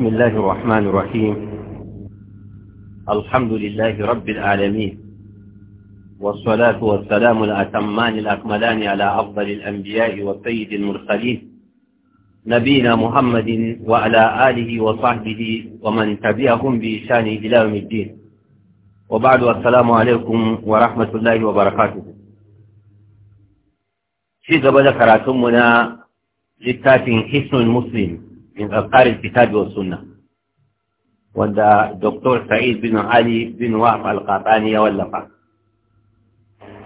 بسم الله الرحمن الرحيم الحمد لله رب العالمين والصلاة والسلام الأتمان الأكملان على أفضل الأنبياء والسيد المرسلين نبينا محمد وعلى آله وصحبه ومن تبعهم بإشان إلى يوم الدين وبعد السلام عليكم ورحمة الله وبركاته في قبل كراتمنا للتاتين حسن المسلم min azkarin kitabi wa wanda Dr. Sa'id bin Ali bin Wahab al-Qatani ya wallafa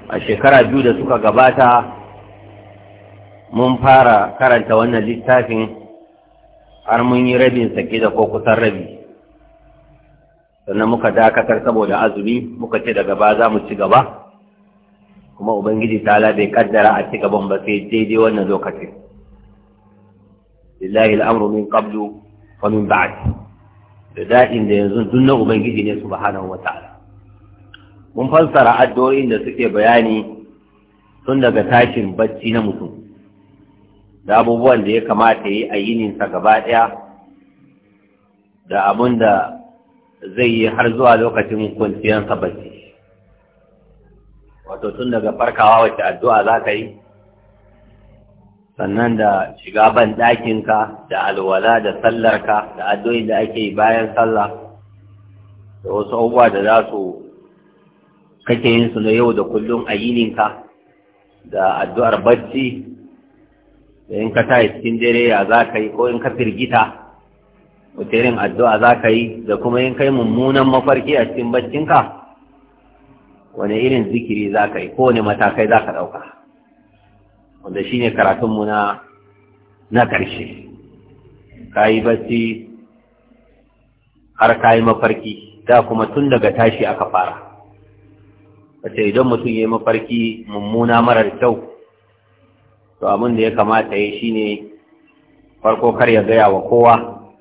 a shekara biyu da suka gabata mun fara karanta wannan littafin har mun yi rabin sake da ko kusan rabi sannan muka dakatar saboda azumi muka ce daga ba za mu ci gaba kuma ubangiji ta bai ƙaddara a ci gaban ba sai daidai wannan lokacin lillahi al'amru min qablu wa min ba'd da daɗin da yanzu duk na ubangiji ne subhanahu wa ta'ala mun fassara addu'o'in da suke bayani tun daga tashin bacci na mutum da abubuwan da ya kamata yi a yininsa gaba ɗaya da abun da zai yi har zuwa lokacin kwanciyarsa bacci wato tun daga farkawa wacce addu'a za ka yi sannan da shiga ban ɗakinka da alwala da sallarka da addu'i da ake bayan sallah da wasu abubuwa da za su kake yin su na yau da kullum a yininka da addu'ar bacci da in ka yi cikin dare ya za ka yi ko in ka firgita wata irin addu'a za ka yi da kuma in yi mummunan mafarki a cikin baccinka wani irin zikiri za ka yi ko wani matakai za ka ɗauka wanda ne karatunmu na na ƙarshe ka yi bacci har ka yi mafarki da kuma tun daga tashi aka fara wace idan mutum ya yi mafarki mummuna marar kyau to abin da ya kamata ya shi ne farko kar ya gaya wa kowa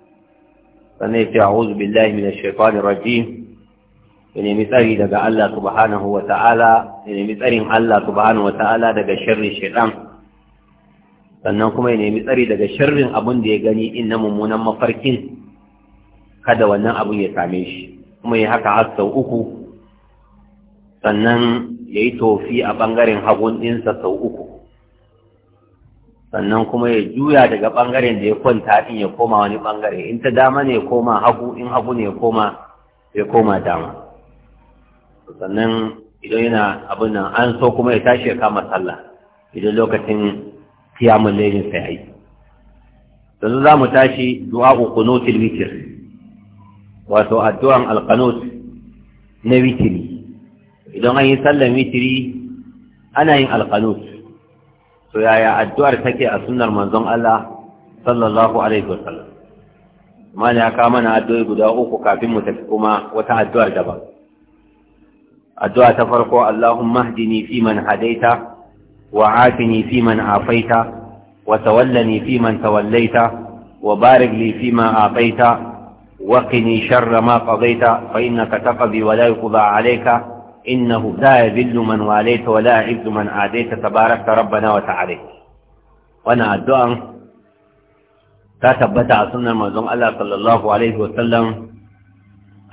sannan ya ce a huzu billahi min shaitani rajim ya nemi tsari daga Allah subhanahu wa ta'ala ya nemi tsarin Allah subhanahu wa ta'ala daga shirin shekwani sannan kuma ya nemi tsari daga shirin abin da ya gani in na mummunan mafarkin kada wannan abin ya same shi kuma ya haka a sau uku sannan ya yi tofi a ɓangaren hagun ɗinsa sau uku sannan kuma ya juya daga ɓangaren da ya kwanta in ya koma wani ɓangare in ta dama ne ya koma hagu in hagu ne ya koma ya koma dama sannan idan yana abin nan an so kuma ya tashi ya kama sallah idan lokacin kiyamun lailin sai yayi yanzu za mu tashi du'a'u qunutil witr wato addu'an alqanut na witri idan an yi sallar witri ana yin alqanut to yaya addu'ar take a sunnar manzon Allah sallallahu alaihi wasallam ya kama mana addu'o'i guda uku kafin mu tafi kuma wata addu'ar daban addu'a ta farko Allahumma hdini fi man hadaita وعافني فيمن عافيت وتولني فيمن توليت وبارك لي فيما أعطيت وقني شر ما قضيت فإنك تقضي ولا يقضى عليك إنه لا يذل من واليت ولا يعز من عاديت تبارك ربنا وتعالى وانا الدعاء تثبت على سنة المنزوم الله صلى الله عليه وسلم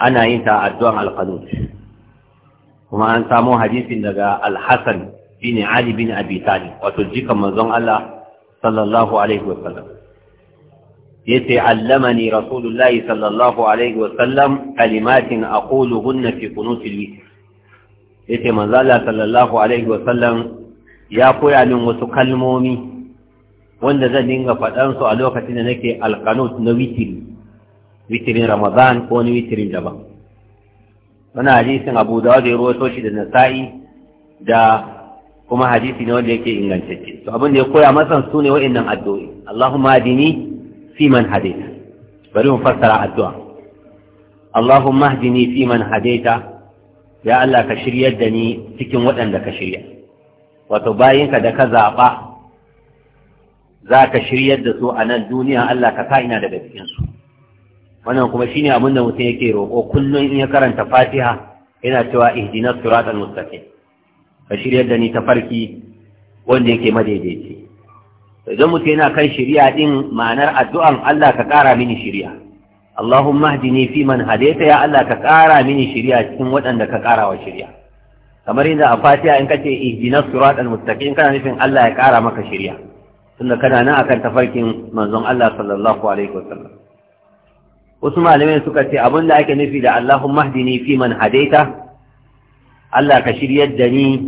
أنا إنت الدعاء القدوس وما صاموا حديث الحسن shine Ali bin Abi Talib wato jikan manzon Allah sallallahu alaihi wa sallam yace allamani rasulullahi sallallahu alaihi wa sallam kalimatin aquluhunna fi qunutil witr yace manzo Allah sallallahu alaihi wa sallam ya koya min wasu kalmomi wanda zan dinga fadan su a lokacin da nake alqanut na witri witrin Ramadan ko ni witrin daban wannan hadisin Abu Dawud ya rawaito shi da Nasa'i da kuma hadisi ne wanda yake ingantacce to abin da ya koya masa su ne wa'annan addu'o'i Allahumma hadini fi man hadaita bari mu fassara addu'a Allahumma hadini fi man hadaita ya Allah ka shiryar da ni cikin waɗanda ka shirya wato bayinka da ka zaɓa za ka shiryar da su a nan duniya Allah ka sa ina daga cikinsu wannan kuma shine abin da mutum yake roƙo kullum in ya karanta fatiha yana cewa ihdinas siratal mustaqim ka shirya da ni ta farki wanda yake madaidaici idan mutum yana kan shirya din ma'anar addu'an Allah ka ƙara mini shirya Allahumma hdini fi man hadaita ya Allah ka ƙara mini shirya cikin waɗanda ka ƙara wa shirya kamar yadda a fatiha in kace ihdinas siratal mustaqim kana nufin Allah ya ƙara maka shirya tunda kana nan akan tafarkin manzon Allah sallallahu alaihi wasallam wasu malamai suka ce abin da ake nufi da Allahumma hdini fi man hadaita Allah ka shiryar da ni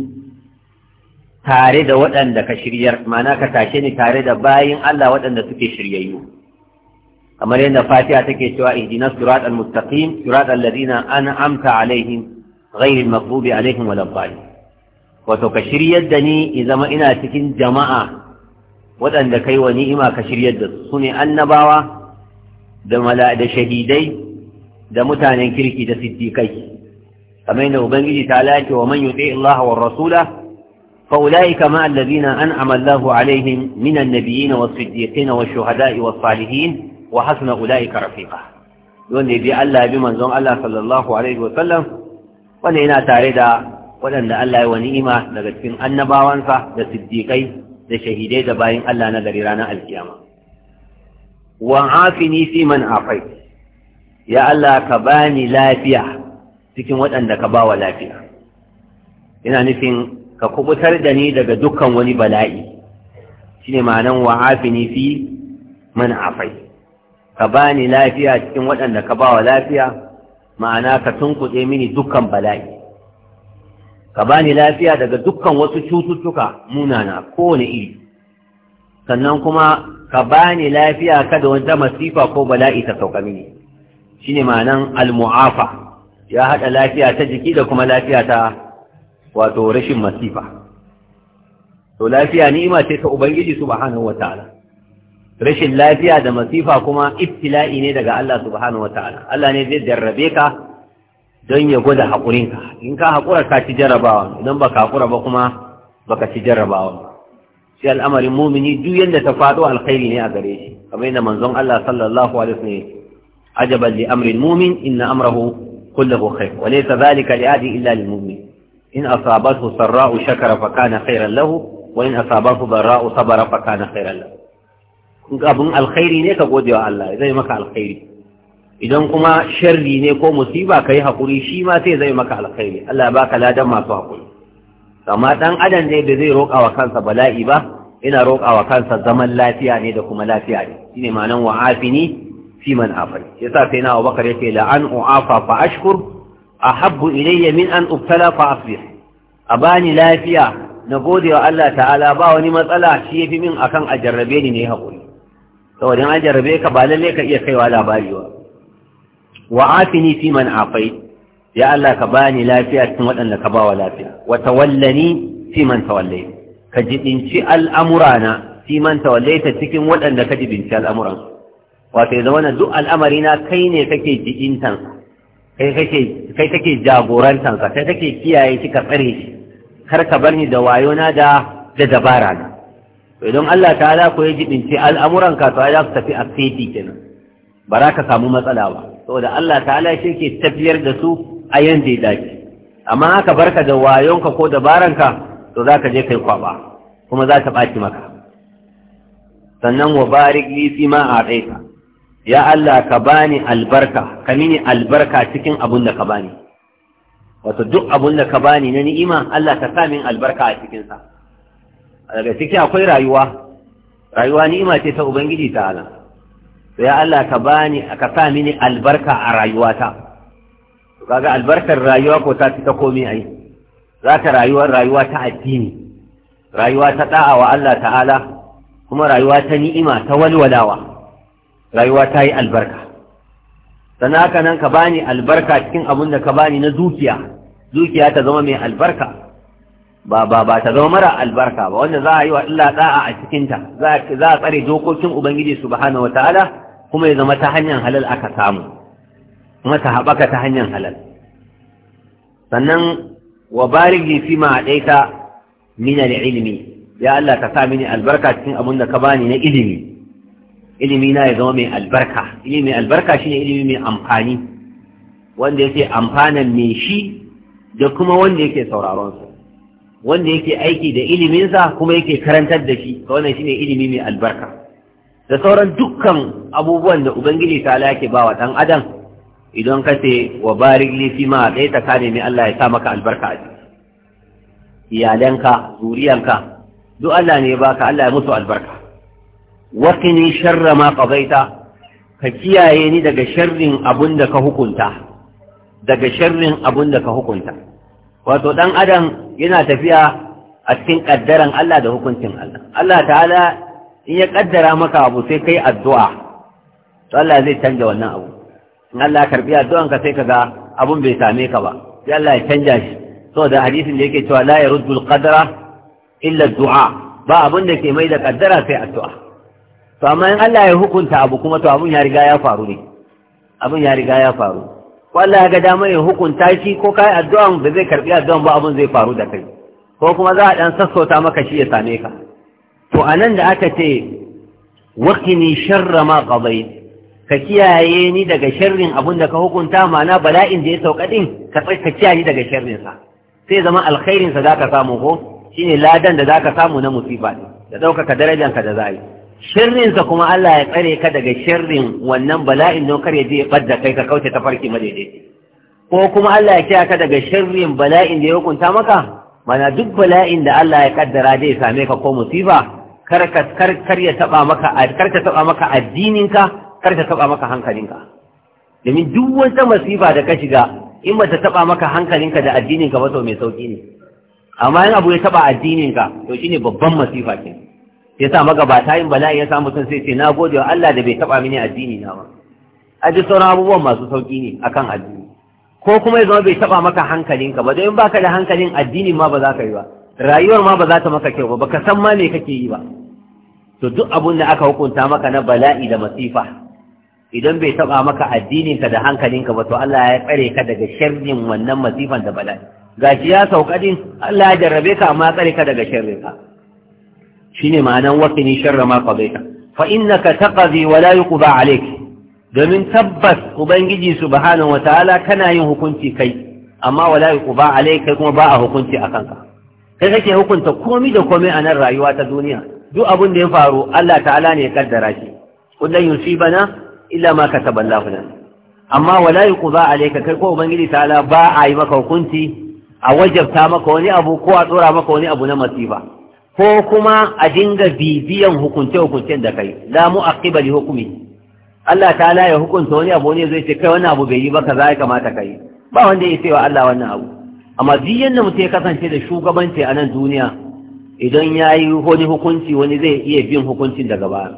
tare da waɗanda ka shiryar mana ka tashe ni tare da bayin Allah waɗanda suke shiryayyu kamar yadda Fatiha take cewa ihdina siratal mustaqim al ladina amta alaihim ghayril maghdubi alaihim waladdallin wato ka shiryar da ni in zama ina cikin jama'a waɗanda kai wa ni'ima ka shiryar da su ne annabawa da shahidai da mutanen kirki da siddikai. kamar yadda ubangiji ta lati wa man yuti Allah wa rasula fa ulaika ma alladhina an'ama Allahu alaihim min an-nabiyyin was na wasu shuhadai was-salihin wa hasuna ulaika rafiqa wanda bi Allah bi manzon Allah sallallahu alaihi wa sallam wanda yana tare da waɗanda Allah ya wani ni'ima daga cikin annabawansa da siddikai da shahidai da bayin Allah na gari ranar alkiyama wa fi man afai ya Allah ka bani lafiya cikin waɗanda ka ba wa lafiya ina nufin ka kubutar da ni daga dukkan wani bala'i Shi shine ma'anan ni fi man afai ka bani lafiya cikin waɗanda ka ba wa lafiya ma'ana ka tunkuɗe mini dukkan bala'i ka bani lafiya daga dukkan wasu cututtuka munana kowane iri sannan kuma ka bani lafiya kada wata masifa ko bala'i ta sauka mini shine ma'anan al-mu'afa ya haɗa lafiya ta jiki da kuma lafiya ta wato rashin masifa to lafiya ni'ima ce ta ubangiji subhanahu wataala rashin lafiya da masifa kuma ibtila'i ne daga Allah subhanahu wataala Allah ne zai jarrabe ka don ya gwada haƙurinka in ka haƙura ka ci jarrabawa idan ka haƙura ba kuma baka ci jarrabawa sai al'amarin mumini duk yadda ta faɗo alkhairi ne a gare shi kamar yadda manzon Allah sallallahu alaihi wasallam ajaban li amrin mumin inna amrahu كله خير وليس ذلك لأحد إلا للمؤمن إن أصابته سراء شكر فكان خيرا له وإن أصابته ضراء صبر فكان خيرا له abin alkhairi ne ka gode wa Allah zai maka alkhairi idan kuma sharri ne ko musiba yi haƙuri, shi ma sai zai maka alkhairi Allah ba ka ladan masu haƙuri. amma ɗan adam ne da zai roƙa wa kansa bala'i ba ina roƙa wa kansa zaman lafiya ne da kuma lafiya ne shine ma'anan wa'afini fi man afai yasa sai na Abubakar yake la an uafa fa ashkur ahabbu ilayya min an ubtala fa asbih abani lafiya na gode wa Allah ta'ala ba wani matsala shi yafi min akan a jarrabe ni ne hakuri saboda an jarrabe ka ba lalle ka iya kaiwa labari wa wa afini fi man afai ya Allah ka bani lafiya cikin waɗanda ka bawa lafiya wa tawallani fi man tawallai ka jibinci al'amurana fi man tawallaita cikin waɗanda ka jibinci al'amuran wato ya zamana duk al'amari na kai ne kake ji'intansa kai take jagorantansa kai take kiyaye shi tsare shi kar ka bar ni da wayo na da da dabara na to idan Allah ta'ala ko ya jibince al'amuran ka to ai za su tafi a kenan ba za ka samu matsala ba saboda Allah ta'ala shi ke tafiyar da su a yanda ya dace amma aka barka da wayonka ko dabaranka to za ka je kai kwaba kuma za ta ɓaci maka sannan wa barik li fi ma a'taita ya Allah ka bani albarka ka mini albarka cikin abun da ka bani wato duk abun da ka bani na ni'ima Allah ka sa min albarka a cikin sa daga ciki akwai rayuwa rayuwa ni'ima ce ta ubangiji ta to ya Allah ka bani ka sa mini albarka a rayuwata to kaga albarkar rayuwa ko ta ta komai ai za ta rayuwar rayuwa ta addini rayuwa ta da'a wa Allah ta'ala kuma rayuwa ta ni'ima ta walwalawa rayuwa ta yi albarka sannan haka nan ka bani albarka cikin abin da ka bani na dukiya dukiya ta zama mai albarka ba ba ba ta zama mara albarka ba wanda za a yi wa Allah da'a a cikinta za a tsare dokokin ubangiji subhanahu wataala kuma ya zama ta hanyar halal aka samu kuma ta haɓaka ta hanyar halal sannan wa barigi fi ma ɗaita, min al-ilmi ya Allah ka sa mini albarka cikin abin da ka bani na ilimi ilimi na ya zama mai albarka ilimi mai albarka shine ilimi mai amfani wanda yake amfanan mai shi da kuma wanda yake sauraron su. wanda yake aiki da iliminsa kuma yake karantar da shi wannan shine ilimi mai albarka da sauran dukkan abubuwan da ubangiji ta yake ba dan adam idan ka ce wa barik li fi ma dai ta kane mai Allah ya sa maka albarka a iyalanka zuriyanka duk Allah ne ya baka Allah ya musu albarka waƙini sharra ma ƙazaita ka kiyaye ni daga sharrin abin da ka hukunta daga sharrin abin da ka hukunta wato ɗan adam yana tafiya a cikin ƙaddaran Allah da hukuncin Allah Allah ta'ala in ya ƙaddara maka abu sai kai addu'a to Allah zai canja wannan abu in Allah karbi addu'an ka sai kaga abun bai same ka ba sai Allah ya canja shi saboda hadisin da yake cewa la yaruddul qadara illa du'a ba abun da ke mai da ƙaddara sai addu'a to amma in Allah ya hukunta abu kuma to abun ya riga ya faru ne abun ya riga ya faru ko Allah ya ga damar ya hukunta shi ko kai addu'an ba zai karbi addu'an ba abun zai faru da kai ko kuma za a dan sassauta maka shi ya same ka to anan da aka ce waqini sharra ma qadai ka kiyaye ni daga sharrin abun da ka hukunta mana bala'in da ya sauka din ka ka ni daga sharrin sa sai zama alkhairin sa zaka samu ko shine ladan da zaka samu na musiba da daukaka darajar ka da zai shirrinsa kuma Allah ya tsare ka daga shirrin wannan bala'in don kar ya je ya kai ka kauce ta farki madaidaici ko kuma Allah ya kiya ka daga shirrin bala'in da ya hukunta maka mana duk bala'in da Allah ya kaddara zai same ka ko musiba kar ka kar ya taba maka kar ka taba maka addininka kar ka taba maka hankalinka domin duk wata musiba da ka shiga in ba ta taba maka hankalinka da ka ba to mai sauki ne amma in abu ya taba addinin addininka to shine babban masifa kenan ya sa magabata yin bala'i ya samu mutum sai ce na gode wa Allah da bai taba mini addini na ba ji sauran abubuwan masu sauki ne akan addini ko kuma ya zama bai taba maka hankalinka ba don baka da hankalin addini ma ba za ka yi ba rayuwar ma ba za ta maka kyau ba baka san ma me kake yi ba to duk abun da aka hukunta maka na bala'i da masifa idan bai taba maka addinin ka da hankalinka ba to Allah ya tsare ka daga sharrin wannan masifan da bala'i gashi ya sauka din Allah ya jarrabe ka amma tsare ka daga sharrin ka shine ma'anan waqini sharra ma qadaita fa innaka taqdi wa la yuqda alayk domin tabbas ubangiji subhanahu taala kana yin hukunci kai amma wala yuqda alayk kai kuma ba a hukunci akan ka kai kake hukunta komai da komai a nan rayuwa ta duniya duk abin da ya faru Allah ta'ala ne ya kaddara shi kullun yusibana illa ma kataba Allah lana amma wala yi kuza alaika kai ko ubangiji ta'ala ba a yi maka hukunci a wajabta maka wani abu ko a tsora maka wani abu na masifa ko kuma a dinga bibiyan hukunce-hukuncen da kai la mu aqiba li hukumi Allah ta'ala ya hukunta wani abu ne zai ce kai wani abu bai yi ba kaza ya kamata ka yi. ba wanda ya cewa Allah wannan abu amma duk yanda mutum ya kasance da shugabanci a nan duniya idan ya yi wani hukunci wani zai iya bin hukuncin daga baya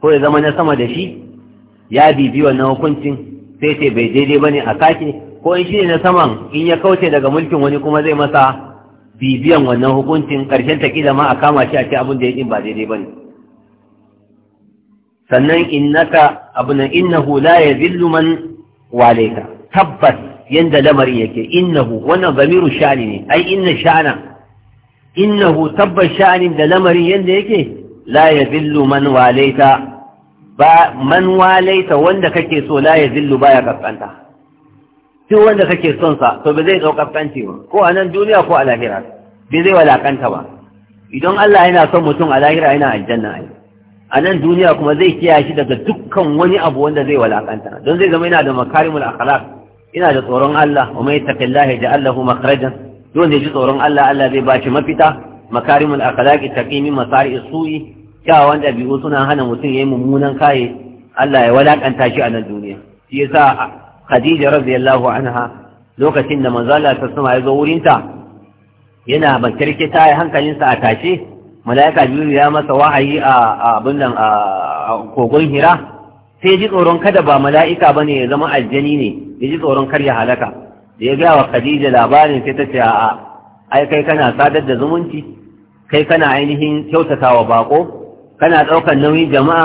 ko ya zama na sama da shi ya bibi wannan hukuncin sai ce bai daidai ba ne a sake ko in shi ne na saman in ya kauce daga mulkin wani kuma zai masa bibiyan wannan hukuncin ƙarshen ta kila ma a kama shi a ce abin da ya ba daidai ba ne sannan innaka abin innahu la ya zillu man waleka tabbas yadda lamarin yake innahu wannan zamiru sha'ani ne ai inna sha'ana innahu tabbas sha'anin da lamarin yadda yake la ya zillu man waleka ba man walaita wanda kake so la ya zillu baya kaskanta duk wanda kake son sa to ba zai kaskance ba ko a nan duniya ko a lahira bai zai walakanta ba idan Allah yana son mutum a lahira yana aljanna ai a nan duniya kuma zai kiyaye shi daga dukkan wani abu wanda zai walakanta don zai zama yana da makarimul akhlaq ina da tsoron Allah wa mai da ja'al lahu makhrajan don ji tsoron Allah Allah zai ba shi mafita makarimul akhlaq taqimi masari su'i kyawawan dabi'u suna hana mutum yayin mummunan kaye Allah ya walakanta shi a nan duniya shi yasa khadija radiyallahu anha lokacin da manzo Allah ta sama ya zo wurinta yana bakirki ta yi hankalinsa a tashe mala'ika jibril ya masa wahayi a abin nan a kogon hira sai ji tsoron kada ba mala'ika bane ya zama aljani ne ya ji tsoron kar ya halaka da ya gaya wa khadija labarin sai ta ce a ai kai kana sadar da zumunci kai kana ainihin kyautata wa bako kana ɗaukar nauyin jama'a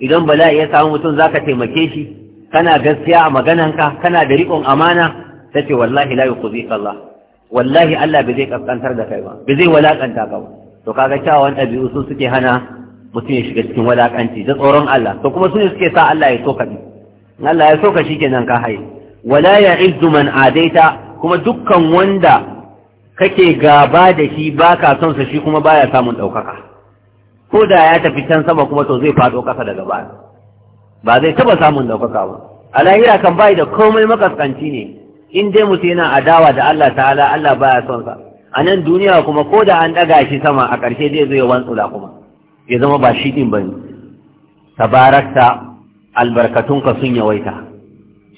idan bala'i ya samu mutum zaka taimake shi kana gaskiya a magananka kana da riƙon amana ta ce wallahi la yuqzi Allah wallahi Allah bai zai kaskantar da kai ba bai zai walaƙanta ka ba to kaga cewa wani ɗabi'u sun suke hana mutum ya shiga cikin walakanci da tsoron Allah to kuma su ne suke sa Allah ya soka ni Allah ya soka shi kenan ka haye wala ya'izzu man adaita kuma dukkan wanda kake gaba da shi baka son sa shi kuma baya samun ɗaukaka ko da ya tafi can sama kuma to zai faɗo ƙasa daga baya ba zai taba samun ɗaukaka ba a lahira kan bai da komai makaskanci ne in dai mutum yana adawa da Allah ta'ala Allah baya son sa a nan duniya kuma ko da an ɗaga shi sama a ƙarshe zai zo ya wantsula kuma ya zama ba shi ɗin bane tabarakta albarkatunka sun yawaita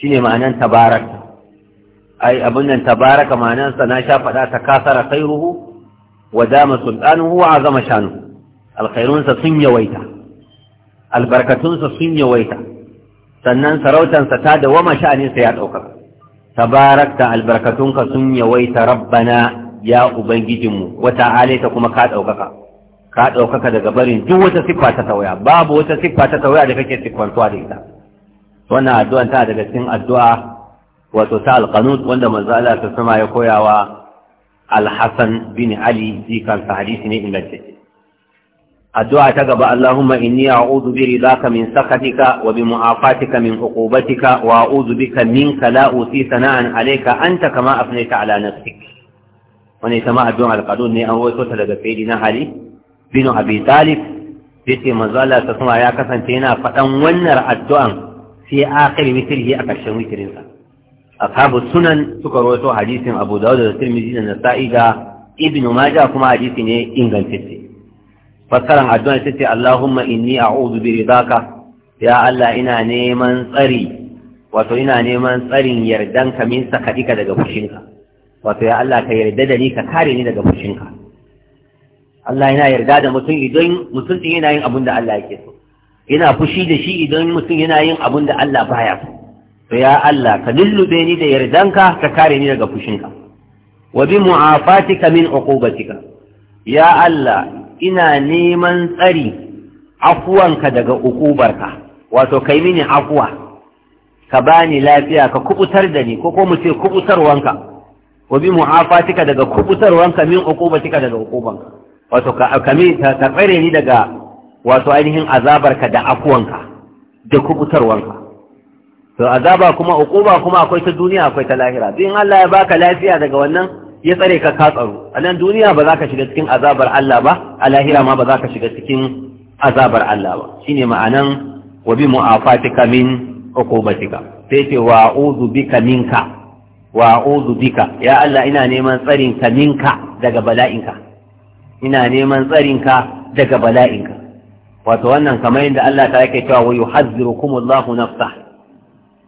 shine ma'anan tabarakta ai abin nan tabaraka ma'anarsa na sha faɗa ta kasara khairuhu wa dama sultanuhu wa azama shanuhu alkhairunsa sun yawaita albarkatunsa sun yawaita sannan sarautansa ta da wama sha'aninsa ya ɗaukaka tabarakta albarkatunka sun yawaita rabbana ya ubangijinmu wata alaita kuma ka ɗaukaka ka ɗaukaka daga barin duk wata siffa ta tawaya babu wata siffa ta tawaya da kake siffantuwa da ita wannan addu'an ta daga cikin addu'a wato ta alqanut wanda manzo Allah ta sama ya koyawa al bin Ali zikan hadisi ne ingantacce addu'a ta gaba Allahumma inni a'udhu bi ridaka min sakatika wa bi mu'afatika min uqubatika wa a'udhu bika minka la usi sana'an alayka anta kama afnayta ala nafsik wani sama addu'a alqadun ne an wato ta daga sayyidina Ali bin Abi Talib yace manzo Allah ta kuma ya kasance yana fadan wannan addu'an sai akhir witrihi a karshen witrinsa ashabu sunan suka rawaito hadisin Abu Dawud da Tirmidhi da Nasa'i da Ibn Majah kuma hadisi ne ingantacce fassaran addu'a ita ce Allahumma inni a'udhu bi ridaka ya Allah ina neman tsari wato ina neman tsarin yardanka min saka sakadika daga fushinka wato ya Allah ka yarda da ni ka kare ni daga fushinka Allah yana yarda da mutum idan mutum din yana yin abin da Allah yake so Ina fushi da shi idan mutum yana yin abin da Allah baya so to ya Allah ka lullube ni da yardanka ka kare ni daga fushinka wa bi mu'afatika min uqubatika ya Allah ina neman tsari afuwanka daga ukubarka wato kai mini afuwa ka bani lafiya ka kubutar da ni ko ko mu ce kubutarwanka wa bi mu'afatika daga kubutarwanka min ukubatika daga ukubanka wato ka ka tsare ni daga wato ainihin azabarka da afuwanka da kubutarwanka to azaba kuma ukuba kuma akwai ta duniya akwai ta lahira in Allah ya baka lafiya daga wannan ya tsare ka ka tsaro a nan duniya ba za ka shiga cikin azabar Allah ba a lahira ma ba za ka shiga cikin azabar Allah ba shine ma'anan wa bi mu'afatika min uqubatika sai ce wa a'udhu bika minka wa a'udhu bika ya Allah ina neman tsarin ka minka daga bala'inka ina neman tsarin ka daga bala'inka wato wannan kamar yadda Allah ta yake cewa wa yuhazzirukumullahu nafsahu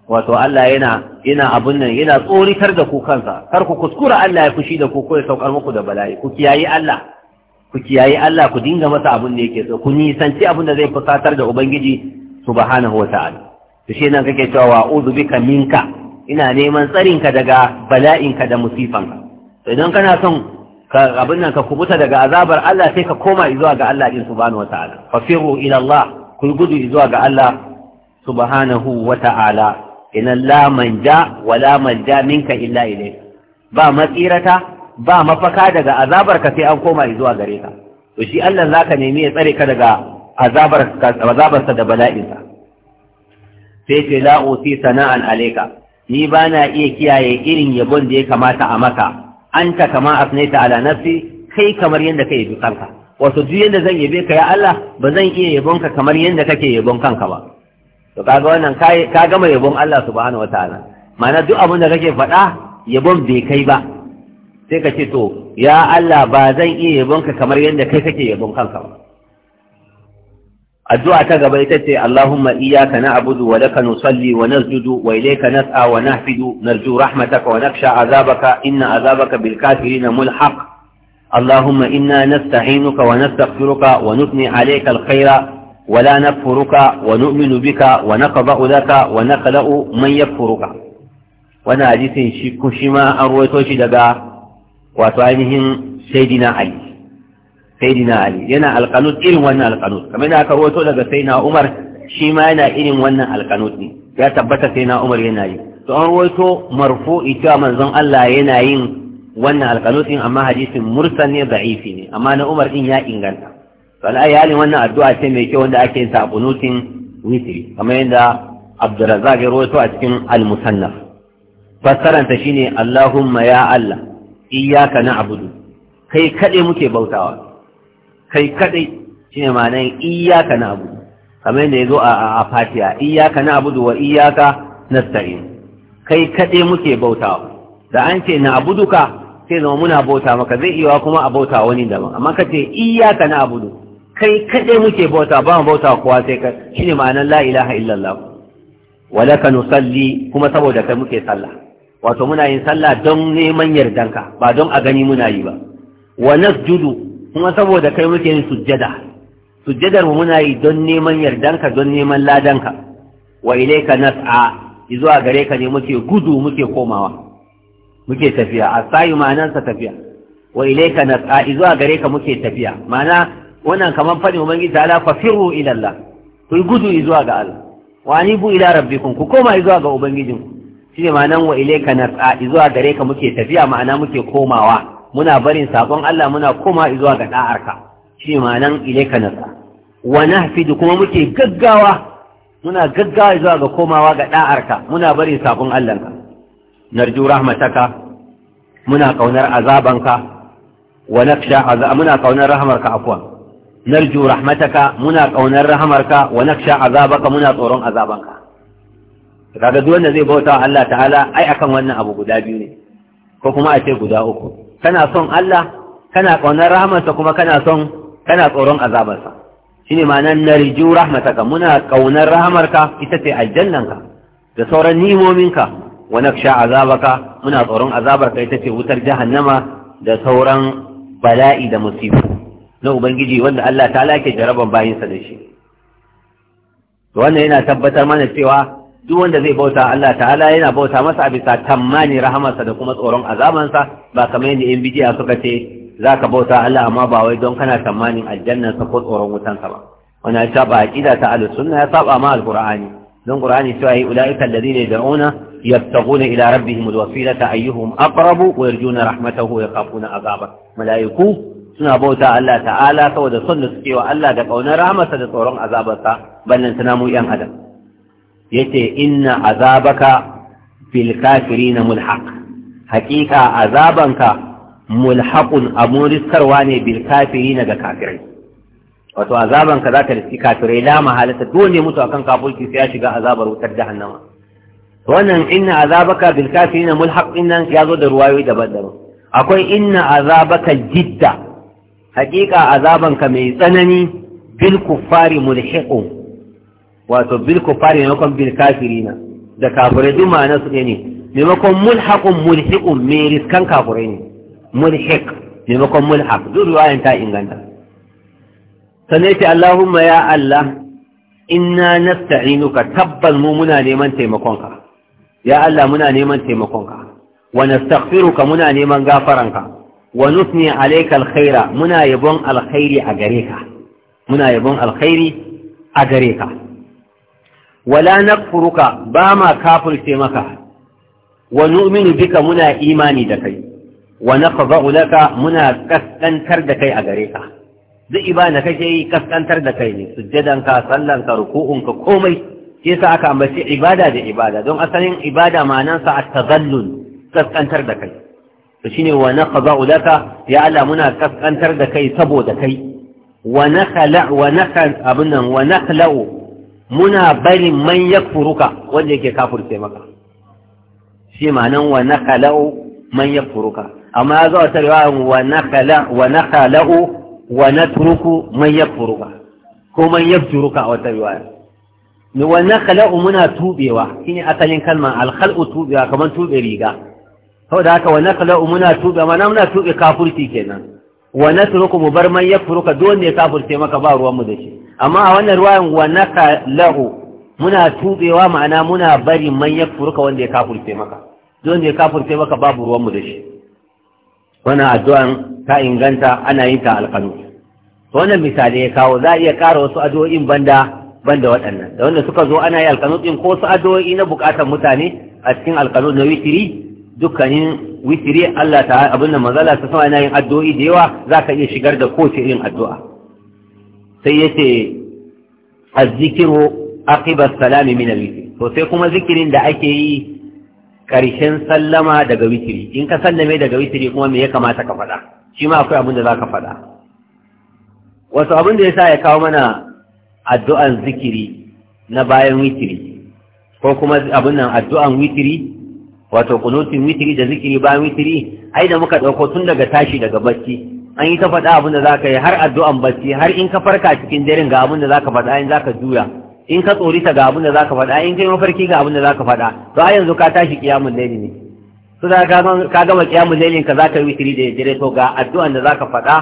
wato Allah yana yana abun nan yana tsoritar da ku kansa kar ku kuskura Allah ya fushi da ku ko ya saukar muku da bala'i ku kiyayi Allah ku Allah ku dinga masa abin da yake so ku nisanci abin da zai fusatar da ubangiji subhanahu wata'ala to shi nan kake cewa a'udhu bika minka ina neman tsarinka daga bala'inka da musifanka to idan kana son ka abin nan ka kubuta daga azabar Allah sai ka koma zuwa ga Allah din subhanahu wata'ala fafiru ila Allah ku gudu zuwa ga Allah subhanahu wata'ala inan la manja wa la ja minka illa ilayka ba matsirata ba mafaka daga azabarka sai an koma zuwa gare ka to shi Allah zaka nemi ya tsare ka daga azabarsa da bala'insa sai ce la uti sana'an alayka ni ba na iya kiyaye irin yabon da ya kamata a maka anta kama asnaita ala nafsi kai kamar yadda kai yi kanka wato duk yadda zan yabe ka ya Allah ba zan iya yabon ka kamar yadda kake yabon kanka ba to kaga wannan kai ka gama yabon Allah subhanahu wataala mana duk abin da kake faɗa yabon bai kai ba sai kace to ya Allah ba zan iya yabon ka kamar yanda kai kake yabon kanka ba addu'a ta gaba ita ce Allahumma iyyaka na'budu wa laka nusalli wa nasjudu wa ilayka nas'a wa nahfidu narju rahmataka wa nakhsha 'azabaka inna 'azabaka bil kafirin mulhaq اللهم إنا نستعينك ونستغفرك ونثني عليك الخير ولا نكفرك ونؤمن بك ونقضأ لك ونقلأ من يكفرك وانا حديث شما أرويتوش لك وتعينهم سيدنا علي سيدنا علي ينا القنوت إلم وانا القنوت كما ينا أرويتو لك سيدنا عمر شما ينا إلم وانا القنوت يا تبت سيدنا عمر ينا أرويتو مرفوع إتاما زن الله ينا ين وانا القنوت أما حديث مرسل ضعيف أما أنا عمر إن يا إنغانتا ala halin wannan addu'a ce mai kyau wanda ake yin ta kunutin witri kamar yadda Abdurrazzaq ya rawaito a cikin al-Musannaf fassaran ta shine Allahumma ya Allah iyyaka na'budu kai kade muke bautawa kai kade shine ma'anar iyyaka na'budu kamar yadda yazo a Fatiha iyyaka na'budu wa iyyaka nasta'in kai kade muke bautawa da an ce na'buduka sai zama muna bauta maka zai iya kuma a bauta wani daban amma kace iyyaka na'budu kai kaɗai muke bauta ba mu bauta kowa sai ka shine ma'anar la ilaha illallah walaka nusalli kuma saboda kai muke sallah wato muna yin sallah don neman yardanka ba don a gani muna yi ba wa nasjudu kuma saboda kai muke yin sujjada sujjadar mu muna yi don neman yardanka don neman ladanka wa ilayka nas'a zuwa gare ka ne muke gudu muke komawa muke tafiya Asayi ma'anarsa tafiya wa ilayka nas'a zuwa gare ka muke tafiya ma'ana wannan kamar fadin ubangiji ta'ala fafiru ila Allah ku gudu zuwa ga Allah wa anibu ila rabbikum ku koma zuwa ga ubangijinku ne ma'anan wa ilayka nas'a zuwa gare ka muke tafiya ma'ana muke komawa muna barin sakon Allah muna koma zuwa ga da'arka shine ma'anan ilayka nas'a wa nahfidu kuma muke gaggawa muna gaggawa zuwa ga komawa ga da'arka muna barin sakon ka. narju rahmataka muna kaunar azabanka wa nakhsha muna kaunar rahmarka afwan narju rahmataka muna kaunar rahamarka wa naksha azabaka muna tsoron kaga duk wanda zai bauta Allah ta'ala ai akan wannan abu guda biyu ne ko kuma a ce guda uku kana son Allah kana kaunar rahamarsa kuma kana son kana tsoron azabarsa shine ma'anar narju rahmataka muna kaunar rahamarka ita ce aljannanka da sauran nimominka wa naksha azabaka muna tsoron azabarka ita ce wutar jahannama da sauran bala'i da musibu na ubangiji wanda Allah ta lake jaraban bayinsa da shi wannan yana tabbatar mana cewa duk wanda zai bauta Allah ta'ala yana bauta masa a bisa tammani rahamarsa da kuma tsoron azamansa ba kamar yadda yan bidiya suka ce za ka bauta Allah amma ba wai don kana tsammanin aljannansa ko tsoron wutansa ba wannan ta ba aqida ta ahlus sunna ya saba ma alqur'ani don qur'ani cewa yi ulaika alladhina yad'una yabtaguna ila rabbihim alwasilata ayyuhum aqrabu wa yarjuna rahmatahu wa yakhafuna azaba malaiku suna bauta Allah ta'ala saboda son da suke wa Allah da ƙaunar rahamarsa da tsoron azabarsa ballan suna mu ‘yan adam Ya ce, inna azabaka fil na mulhaq Hakika, azabanka mulhaqun abun riskarwa ne bil kafirina ga kafirai wato azabanka za ka riski kafirai la mahalata dole mutu akan kafirci sai ya shiga azabar wutar jahannama wannan inna azabaka bil na mulhaq din nan ya zo da ruwayoyi daban-daban akwai inna azabaka jidda hakika azabanka mai tsanani bil kufari mulhiqun wato bil kufari ne kon bil kafirina da kafirai duk ma'ana su ne maimakon mulhaqun mulhiqun mai riskan kafirai ne mulhiq maimakon mulhaq duk ruwayan ta inganta sanai ce Allahumma ya Allah inna nasta'inuka tabbal mu muna neman taimakonka ya Allah muna neman taimakonka wa nastaghfiruka muna neman gafaranka wa nusni alayka alkhaira muna yabon alkhairi a gare ka muna yabon alkhairi a gare ka wala nakfuruka ba ma kafirce maka wa nu'minu bika muna imani da kai wa naqba'u laka muna kaskantar da kai a gare ka duk ibada kake yi kaskantar da kai ne sujjadanka sallanka ruku'unka komai shi sa aka ambaci ibada da ibada don asalin ibada ma'anansa at-tazallul kaskantar da kai to shine wa naqda'u laka ya Allah muna kaskantar da kai saboda kai wa nakhla wa nakhan abunan nan wa nakhla muna bari man yakfuruka wanda yake kafirce maka shi ma'anan wa nakhla man yakfuruka amma ya zo ta riwaya wa nakhla wa nakhla wa natruku man yakfuruka ko man yakfuruka a wata riwaya ni wa nakhla muna tubewa shine asalin kalma al-khal'u tubewa kaman tube riga saboda haka wa nakhla'u muna tuɓe mana muna tuɓe kafurci kenan wa nasruku mu bar man yakfuruka don ne kafurce maka ba ruwan mu da shi amma a wannan ruwayan wa nakhla'u muna tuɓewa ma'ana muna bari man yakfuruka wanda ya kafurce maka don ne kafurce maka ba ruwan mu da shi wannan addu'an ta inganta ana yin ta alƙanu wannan misali ya kawo za a iya ƙara wasu addu'o'in banda banda waɗannan da wanda suka zo ana yi alƙanu ɗin ko su addu'o'i na buƙatar mutane a cikin alƙanu na witiri dukkanin witiri Allah ta abin da mazala ta sama yana yin addu'o'i da yawa za ka iya shigar da kowace irin addu'a sai ya ce zikiro aqiba salami mina witiri. to sai kuma zikirin da ake yi ƙarshen sallama daga witiri in ka sallame daga witiri kuma me ya kamata ka faɗa shi ma akwai abin da za ka faɗa wasu abin da ya sa ya kawo mana addu'an zikiri na bayan witiri ko kuma abin nan addu'an witiri wato kunutin witiri da zikiri ba witiri ai da muka dauko tun daga tashi daga bacci an yi ta faɗa abin da zaka yi har addu'an bacci har in ka farka cikin daren ga abin da zaka faɗa in zaka juya in ka tsorita ga abin da zaka faɗa in kai mafarki ga abin da zaka faɗa to a yanzu ka tashi kiyamul laili ne su da ka gama kiyamul laili ka zaka witiri da dare to ga addu'an da zaka faɗa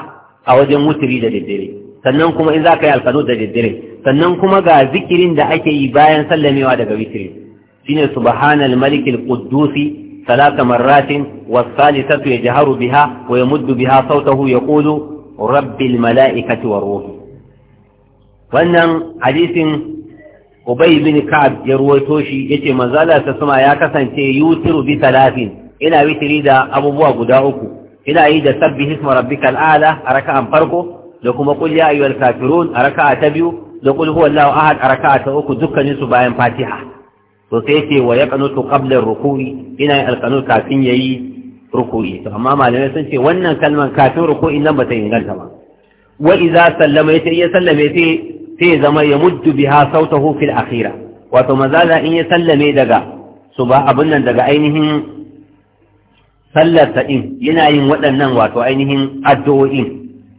a wajen witiri da daddare sannan kuma in zaka yi alkanu da daddare sannan kuma ga zikirin da ake yi bayan sallamewa daga witiri shine subhanal malikil quddusi ثلاث مرات والثالثة يجهر بها ويمد بها صوته يقول رب الملائكة والروح وأن حديث أبي بن كعب يروي توشي يتي مزالة تسمع يا كسن يوتر بثلاث إلى وتريد أبو بوا قداؤك إلى إيد سبه اسم ربك الأعلى أركاء فرقه لكم قل يا أيها الكافرون أركاء تبيو لقل هو الله أحد أركاء تأوك دكا نسبا فاتحة to sai ce wa yaqnutu qabla ruku'i ina yin alqanut kafin yayi ruku'i to amma malamai sun ce wannan kalman kafin ruku'i nan bata inganta ba wa idza sallama yace ya sallame sai sai zama ya muddu biha sautahu fil akhira wato mazala in ya sallame daga su ba abin nan daga ainihin sallar ta din yana yin waɗannan wato ainihin addu'o'in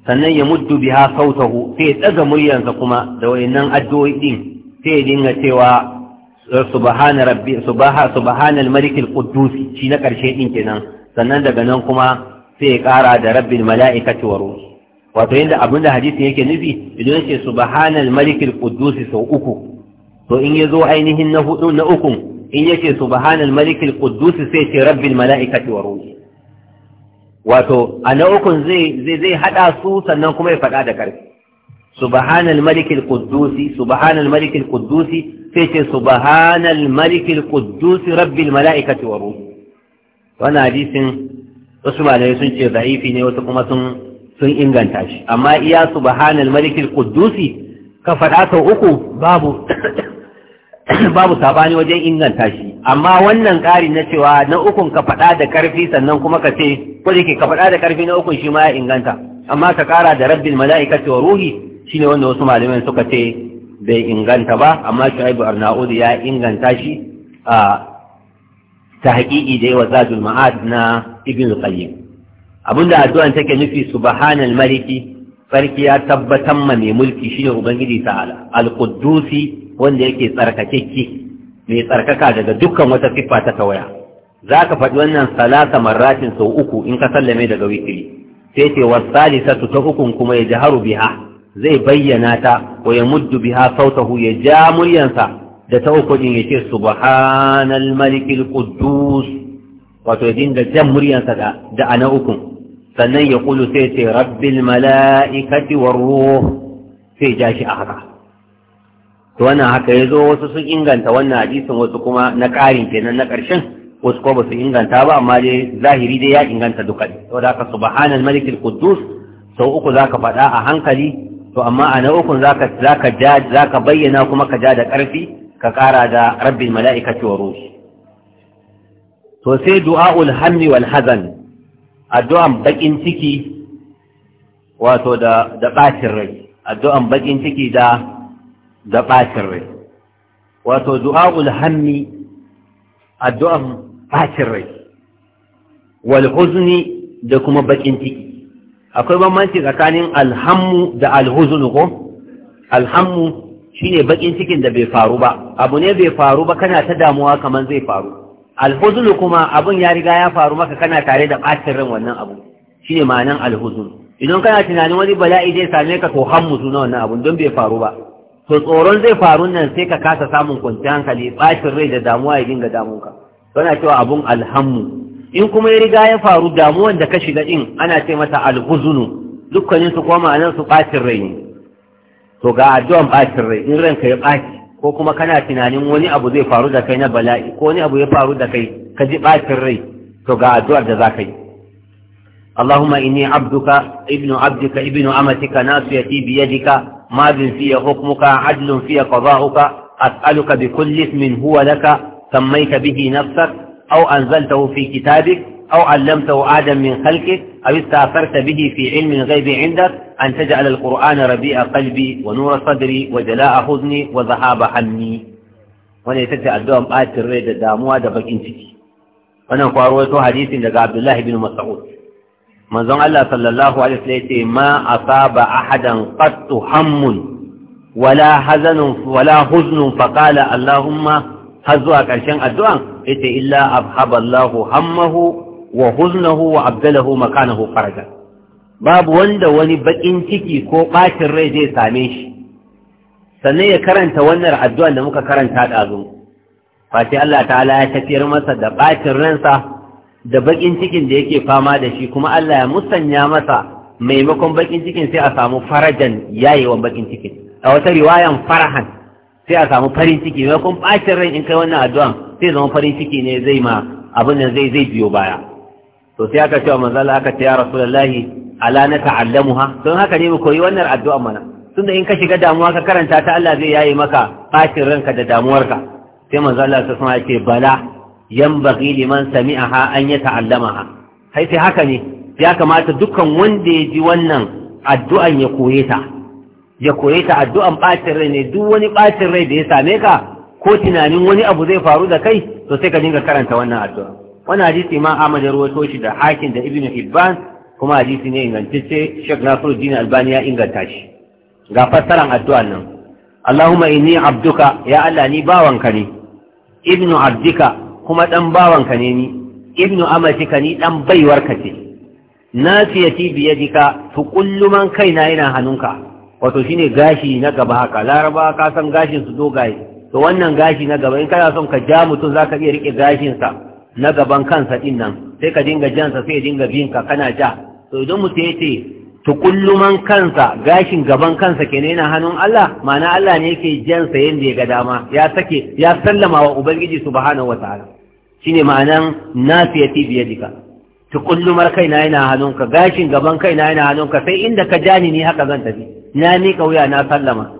sannan ya muddu biha sautahu sai ya daga muryarsa kuma da wayannan addu'o'in sai ya dinga cewa subhana rabbi subaha subhana al-malik al-quddus shi na karshe din kenan sannan daga nan kuma sai ya kara da rabbil mala'ikati wa ruh wato yadda abinda hadisi yake nufi idan yake subhana al-malik al-quddus sau uku to in yazo ainihin na hudu na uku in yake subhana al-malik al-quddus sai ce rabbil mala'ikati wa ruh wato a na ukun zai zai hada su sannan kuma ya fada da karfi subhanal malik al-quddusi subhanal malik al-quddusi sai ce subhanal malik al-quddusi rabbil mala'ikati wa ruh wannan hadisin wasu malamai sun ce da'ifi ne wasu kuma sun inganta shi amma iya subhanal malik al-quddusi ka faɗa sau uku babu babu sabani wajen inganta shi amma wannan ƙari na cewa na ukun ka faɗa da ƙarfi sannan kuma ka ce ko da ke ka faɗa da ƙarfi na ukun shi ma ya inganta amma ka ƙara da rabbil mala'ikati wa ruhi shine wanda wasu malamai suka ce bai inganta ba amma shu'aibu arna'udu ya inganta shi a ta haƙiƙi da yawa zadul ma'ad na ibn qayyim abinda addu'an take nufi subhanal maliki sarki ya tabbatar ma mai mulki shine ubangiji ta'ala al-quddusi wanda yake tsarkakekke mai tsarkaka daga dukkan wata siffa ta tawaya zaka faɗi wannan salasa marratin sau uku in ka sallame daga witri sai ce wasalisa ta hukun kuma ya jaharu biha zai bayyana ta wa ya muddu biha sautahu ya ja muryansa da ta uku din yace subhanal malikil quddus wato ya dinga jan muryansa da da ana uku sannan ya kulu sai ce rabbil malaikati war ruh sai ja shi a haka to wannan haka yazo wasu sun inganta wannan hadisin wasu kuma na ƙarin kenan na ƙarshen wasu ko ba inganta ba amma dai zahiri dai ya inganta duka saboda haka subhanal malikil quddus sau uku zaka faɗa a hankali to amma a na ukun zaka zaka bayyana kuma ka ja da ƙarfi ka ƙara da rabin mala'ikati wa ruh to sai du'aul hammi wal hazan addu'an baƙin ciki wato da da rai addu'an baƙin ciki da da rai wato du'aul hammi addu'an bacin rai wal huzni da kuma baƙin ciki akwai bambanci tsakanin alhammu da alhuzunu ko alhammu shine bakin cikin da bai faru ba abu ne bai faru ba kana ta damuwa kamar zai faru alhuzunu kuma abun ya riga ya faru maka kana tare da bacin ran wannan abu shine ma'anan alhuzunu idan kana tunanin wani bala'i zai same ka to hammu suna wannan abun don bai faru ba to tsoron zai faru nan sai ka kasa samun kwanciyar hankali bacin rai da damuwa ya dinga damunka kana cewa abun alhammu in kuma ya riga ya faru damuwan da ka shiga in ana ce mata alhuzunu dukkanin su kuma ma'anar su ɓacin rai ne to ga addu'an ɓacin rai in ranka ya ɓaci. ko kuma kana tunanin wani abu zai faru da kai na bala'i ko wani abu ya faru da kai ka ji ɓacin rai to ga addu'ar da za ka yi اللهم إني عبدك ابن عبدك ابن أمتك ناصيتي بيدك ماض في حكمك عدل في قضاؤك أسألك بكل اسم هو لك سميت به نفسك أو أنزلته في كتابك أو علمته آدم من خلقك أو استأثرت به في علم الغيب عندك أن تجعل القرآن ربيع قلبي ونور صدري وجلاء wa وذهاب همي wani ya tattara addu'an ɓacin rai da damuwa da bakin ciki wannan kwaruwa to hadisin daga abdullahi bin mas'ud manzon Allah sallallahu alaihi wasallam yace ma asaba ahadan qattu hammun wala hazanun wala huznun faqala allahumma har zuwa ƙarshen addu'an yace illa abhaballahu hammahu wa huznahu wa abdalahu makanahu faraja babu wanda wani bakin ciki ko bacin rai zai same shi sannan ya karanta wannan addu'a da muka karanta dazu fati Allah ta'ala ya tafiyar masa da bacin ransa da bakin cikin da yake fama da shi kuma Allah ya musanya masa maimakon bakin cikin sai a samu farajan yayewan bakin cikin a wata riwayan farahan sai a samu farin ciki maimakon bacin rai in kai wannan addu'an sai zama farin ciki ne zai ma abin nan zai zai biyo baya to sai aka cewa manzo Allah aka ce ya rasulullahi ala na ta'allamuha don haka ne mu koyi wannan addu'a mana tunda in ka shiga damuwa ka karanta ta Allah zai yaye maka bacin ranka da damuwarka sai manzo Allah sai kuma ce bala baki liman sami'aha an yata'allamaha sai sai haka ne ya kamata dukkan wanda ya ji wannan addu'an ya koye ya koye addu'an bacin rai ne duk wani bacin rai da ya same ka ko tunanin wani abu zai faru da kai to sai ka dinga karanta wannan addu'a wannan hadisi ma Ahmad ya rawaito shi da Hakim da Ibn Hibban kuma hadisi ne ingantacce Sheikh Nasiruddin Albani ya inganta shi ga fassaran addu'ar nan Allahumma inni abduka ya Allah ni bawanka ne ibnu abdika kuma dan bawanka ne ni ibnu amatika ni dan baiwarka ce nasiyati biyadika tu kullu man kaina yana hannunka wato shine gashi na gaba haka laraba ka san gashin su dogaye to wannan gashi na gaba in kana son ka ja mutum zaka iya rike gashinsa na gaban kansa din nan sai ka dinga jansa sai ya dinga bin ka kana ja to idan mutum ya ce tukulluman kansa gashin gaban kansa kenan yana hannun Allah ma'ana Allah ne yake jansa yanda ya ga dama ya sake ya sallama wa ubangiji subhanahu wataala shine ma'anan nasiyati biyadika tukullumar kaina yana hannunka gashin gaban kaina yana hannunka sai inda ka ja ni haka zan tafi na mika wuya na sallama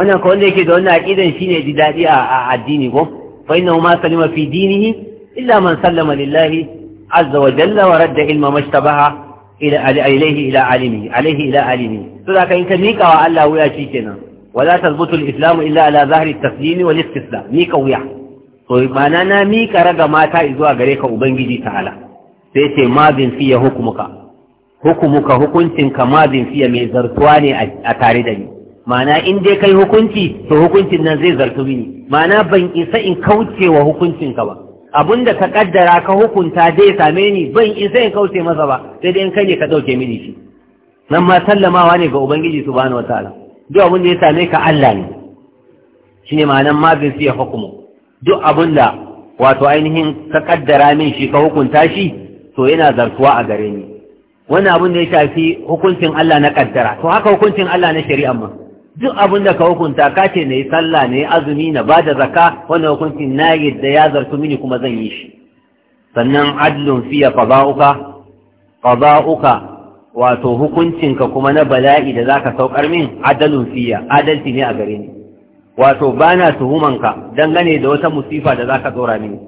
wannan ko wanda yake da wannan aqidan shine ji dadi a addini ko fa innahu ma salima fi dinihi illa man sallama lillahi azza wa jalla wa radda ilma mashtabaha ila ilayhi ila alimi alayhi ila alimi to da kai ka mika wa Allah wuya kenan, wala tazbutu al-islam illa ala zahri at-taslim wal istislam mika wuya to ma'ana na mika raga mata zuwa gare ka ubangiji ta'ala sai ce ma bin fiya hukumuka hukumuka hukuncinka ma bin fiya mai zartuwa ne a tare da ni ma'ana in dai kai hukunci to hukuncin nan zai zartu mini ma'ana ban isa in kauce wa hukuncin ka ba da ka kaddara ka hukunta dai same ni ban isa in kauce masa ba sai dai in kai ne ka dauke mini shi nan ma sallamawa ne ga ubangiji subhanahu wataala duk abin da ya same ka Allah ne shine ma'anan ma zai siya hukumu duk abin da wato ainihin ka kaddara min shi ka hukunta shi to yana zartuwa a gare ni wannan abin da ya shafi hukuncin Allah na kaddara to haka hukuncin Allah na shari'a ma duk abin da ka hukunta ka ce na yi sallah na yi azumi na ba da zaka wannan hukunci na yadda ya zartu mini kuma zan yi shi sannan adlun fiya qada'uka qada'uka wato hukuncinka kuma na bala'i da zaka saukar min adalun fiya adalci ne a gare ni wato bana tuhumanka dangane da wata musifa da zaka tsora mini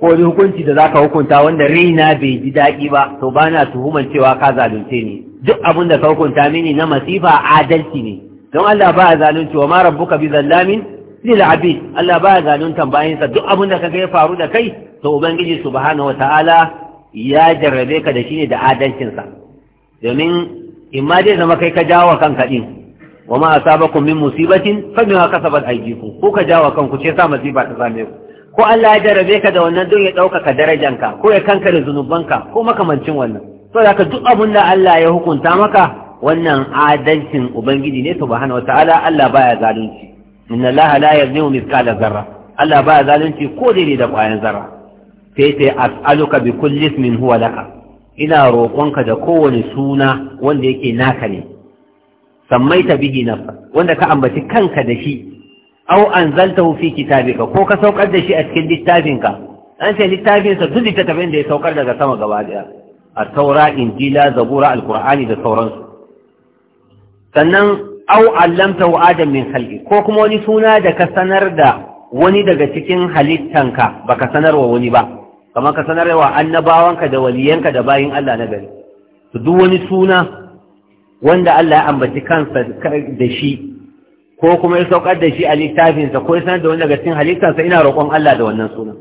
ko ni hukunci da zaka hukunta wanda raina bai ji daɗi ba to bana tuhuman cewa ka zalunce ni duk abin da ka hukunta mini na masifa adalci ne don Allah ba ya zalunci wa ma rabbuka bi zallamin lil abid Allah ba ya zalunta bayan duk abin da kaga ya faru da kai to ubangiji subhanahu ta'ala ya jarrabe ka da shi ne da adalcin domin in ma dai zama kai ka jawo kanka din wa ma asabakum min musibatin fa bima kasabat aydikum ko ka jawo kanku ce sa masifa ta same ku ko Allah ya jarrabe ka da wannan don ya ɗaukaka darajanka ko ya kankare zunubanka ko makamancin wannan saboda duk abin da Allah ya hukunta maka wannan adalcin ubangiji ne subhanahu wataala Allah baya zalunci inna Allah la yazlimu mithqala zarra Allah baya zalunci ko dai da kwayan zarra sai sai as'aluka bi kulli ismin huwa laka ina roƙonka da kowane suna wanda yake naka ne sammaita bihi nafsa wanda ka ambaci kanka da shi aw anzaltahu fi kitabika ko ka saukar da shi a cikin littafinka an sai littafinsa duk littattafin da ya saukar daga sama gaba daya a taura injila zabura alqur'ani da sauransu sannan au allamta wa adam min khalqi ko kuma wani suna da ka sanar da wani daga cikin halittanka baka wa wani ba kamar ka sanar wa annabawanka da waliyanka da bayin Allah na gari to duk wani suna wanda Allah ya ambaci kansa da shi ko kuma ya saukar da shi a littafinsa ko ya sanar da wani daga cikin halittansa ina roƙon Allah da wannan sunan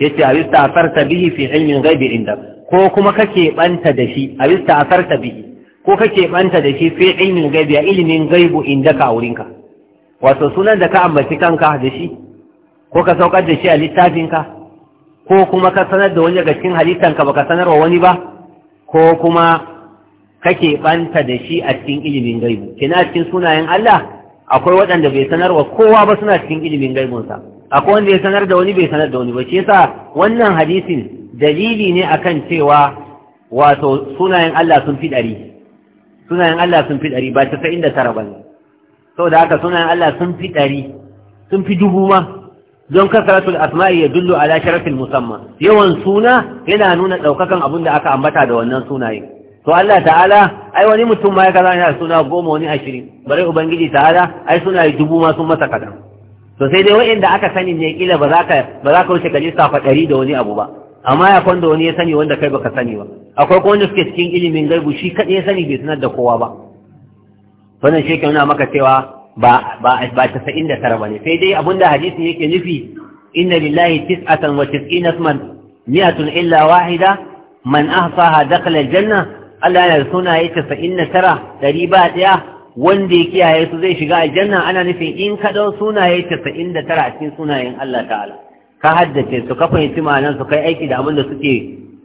yace a wista asarta bihi fi ilmin ghaibi inda ko kuma kake banta da shi a wista asarta bihi ko kake banta da shi fi ilmin gaibi a ilimin gaibu daka a wurinka wato sunan da ka ambaci kanka da shi ko ka saukar da shi a littafinka ko kuma ka sanar da wani daga cikin halittanka baka sanarwa wani ba ko kuma kake banta da shi a cikin ilimin gaibu kina cikin sunayen Allah akwai waɗanda bai sanarwa kowa ba suna cikin ilimin gaibunsa akwai wanda ya sanar da wani bai sanar da wani ba shi yasa wannan hadisin dalili ne akan cewa wato sunayen Allah sun fi ɗari sunayen Allah sun fi ɗari ba casa'in da tara ba ne da haka sunayen Allah sun fi ɗari sun fi dubu ma don kasaratul asma'i ya dullu ala sharafin musamman yawan suna yana nuna ɗaukakan abin da aka ambata da wannan sunaye to Allah ta'ala ai wani mutum ma ya kaza suna goma wani ashirin bare ubangiji ta'ala ai sunaye dubu ma sun masa kadan to sai dai waɗanda aka sani ne kila ba za ka ba za ka wuce ka lissafa ɗari da wani abu ba amma ya kwanda wani ya sani wanda kai baka sani ba akwai kuma wanda suke cikin ilimin gaibu shi kaɗai ya sani bai sanar da kowa ba wannan shi nuna maka cewa ba ba tasa'in da tara ne. sai dai abinda hadisin yake nufi inna lillahi tis'atan wa tis'ina isman mi'atun illa wahida man ahsaha dakhala aljanna Allah yana suna yi tasa'in da tara ɗari ba ɗaya wanda ya kiyaye su zai shiga aljanna ana nufin in kaɗan sunaye tasa'in da tara a cikin sunayen Allah ta'ala ka haddace su ka fahimci ma'anar su kai aiki da abin da suke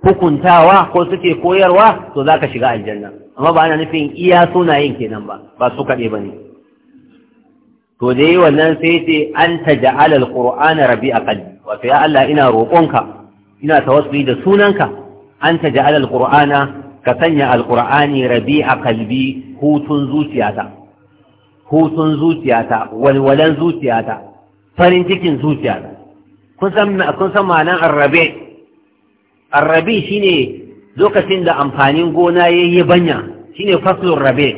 hukuntawa ko suke koyarwa to za ka shiga aljanna amma ba ana nufin iya sunayen kenan ba ba su kaɗe ba ne to da yi wannan sai ce an ta ja'ala alƙur'ana rabi a kalli wato ya Allah ina roƙonka ina tawassuli da sunanka an ta ja'ala alƙur'ana ka sanya alƙur'ani rabi a kalbi hutun zuciyata hutun zuciyata walwalan zuciyata farin cikin zuciyata kun san ma'anan arrabe arrabe shine lokacin da amfanin gona ya yi banya shine faslun rabe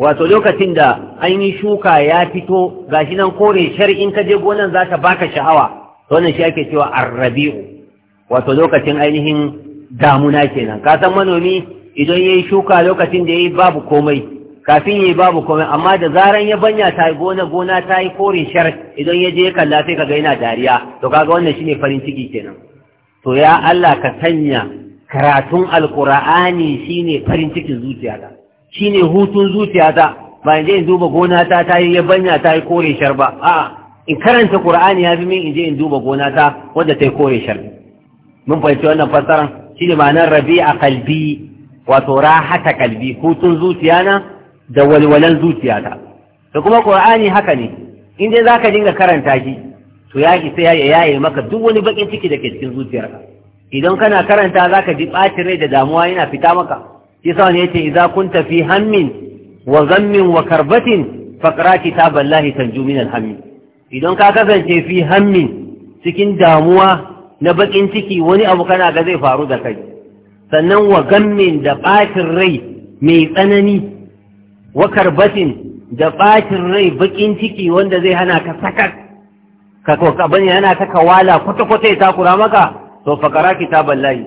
wato lokacin da an yi shuka ya fito gashi nan kore shar'in ka je gonan za ta baka sha'awa wannan shi ake cewa arrabi'u wato lokacin ainihin damuna kenan ka san manomi idan ya yi shuka lokacin da ya yi babu komai kafin yi babu komai amma da zaran ya banya ta yi gona gona ta yi korin shar idan ya je kalla sai ka ga yana dariya to kaga wannan shine farin ciki kenan to ya Allah ka sanya karatun alqur'ani shine farin cikin zuciyata shine hutun zuciyata ba in je in duba gona ta ta yi ya banya ta yi kore shar ba a'a in karanta qur'ani ya fi min in je in duba gona ta wanda ta yi kore shar mun fahimci wannan fassara shine ma'anar rabi'a qalbi wato rahata qalbi hutun zuciya na da walwalan zuciyata da kuma ƙur'ani haka ne in dai zaka dinga karanta shi to ya sai ya yaye maka duk wani bakin ciki da ke cikin zuciyarka idan kana karanta zaka ji bacin rai da damuwa yana fita maka yasa ne yace idza kunta fi hammin wa ghammin wa karbatin faqra kitaballahi tanju min alhammi idan ka kasance fi hammin cikin damuwa na baƙin ciki wani abu kana ga zai faru da kai sannan wa gammin da bacin rai mai tsanani wa karbatin da ɓacin rai bakin ciki wanda zai hana ka sakar ka bani yana ta kawala kwata-kwata ya takura maka to fakara kitaban layi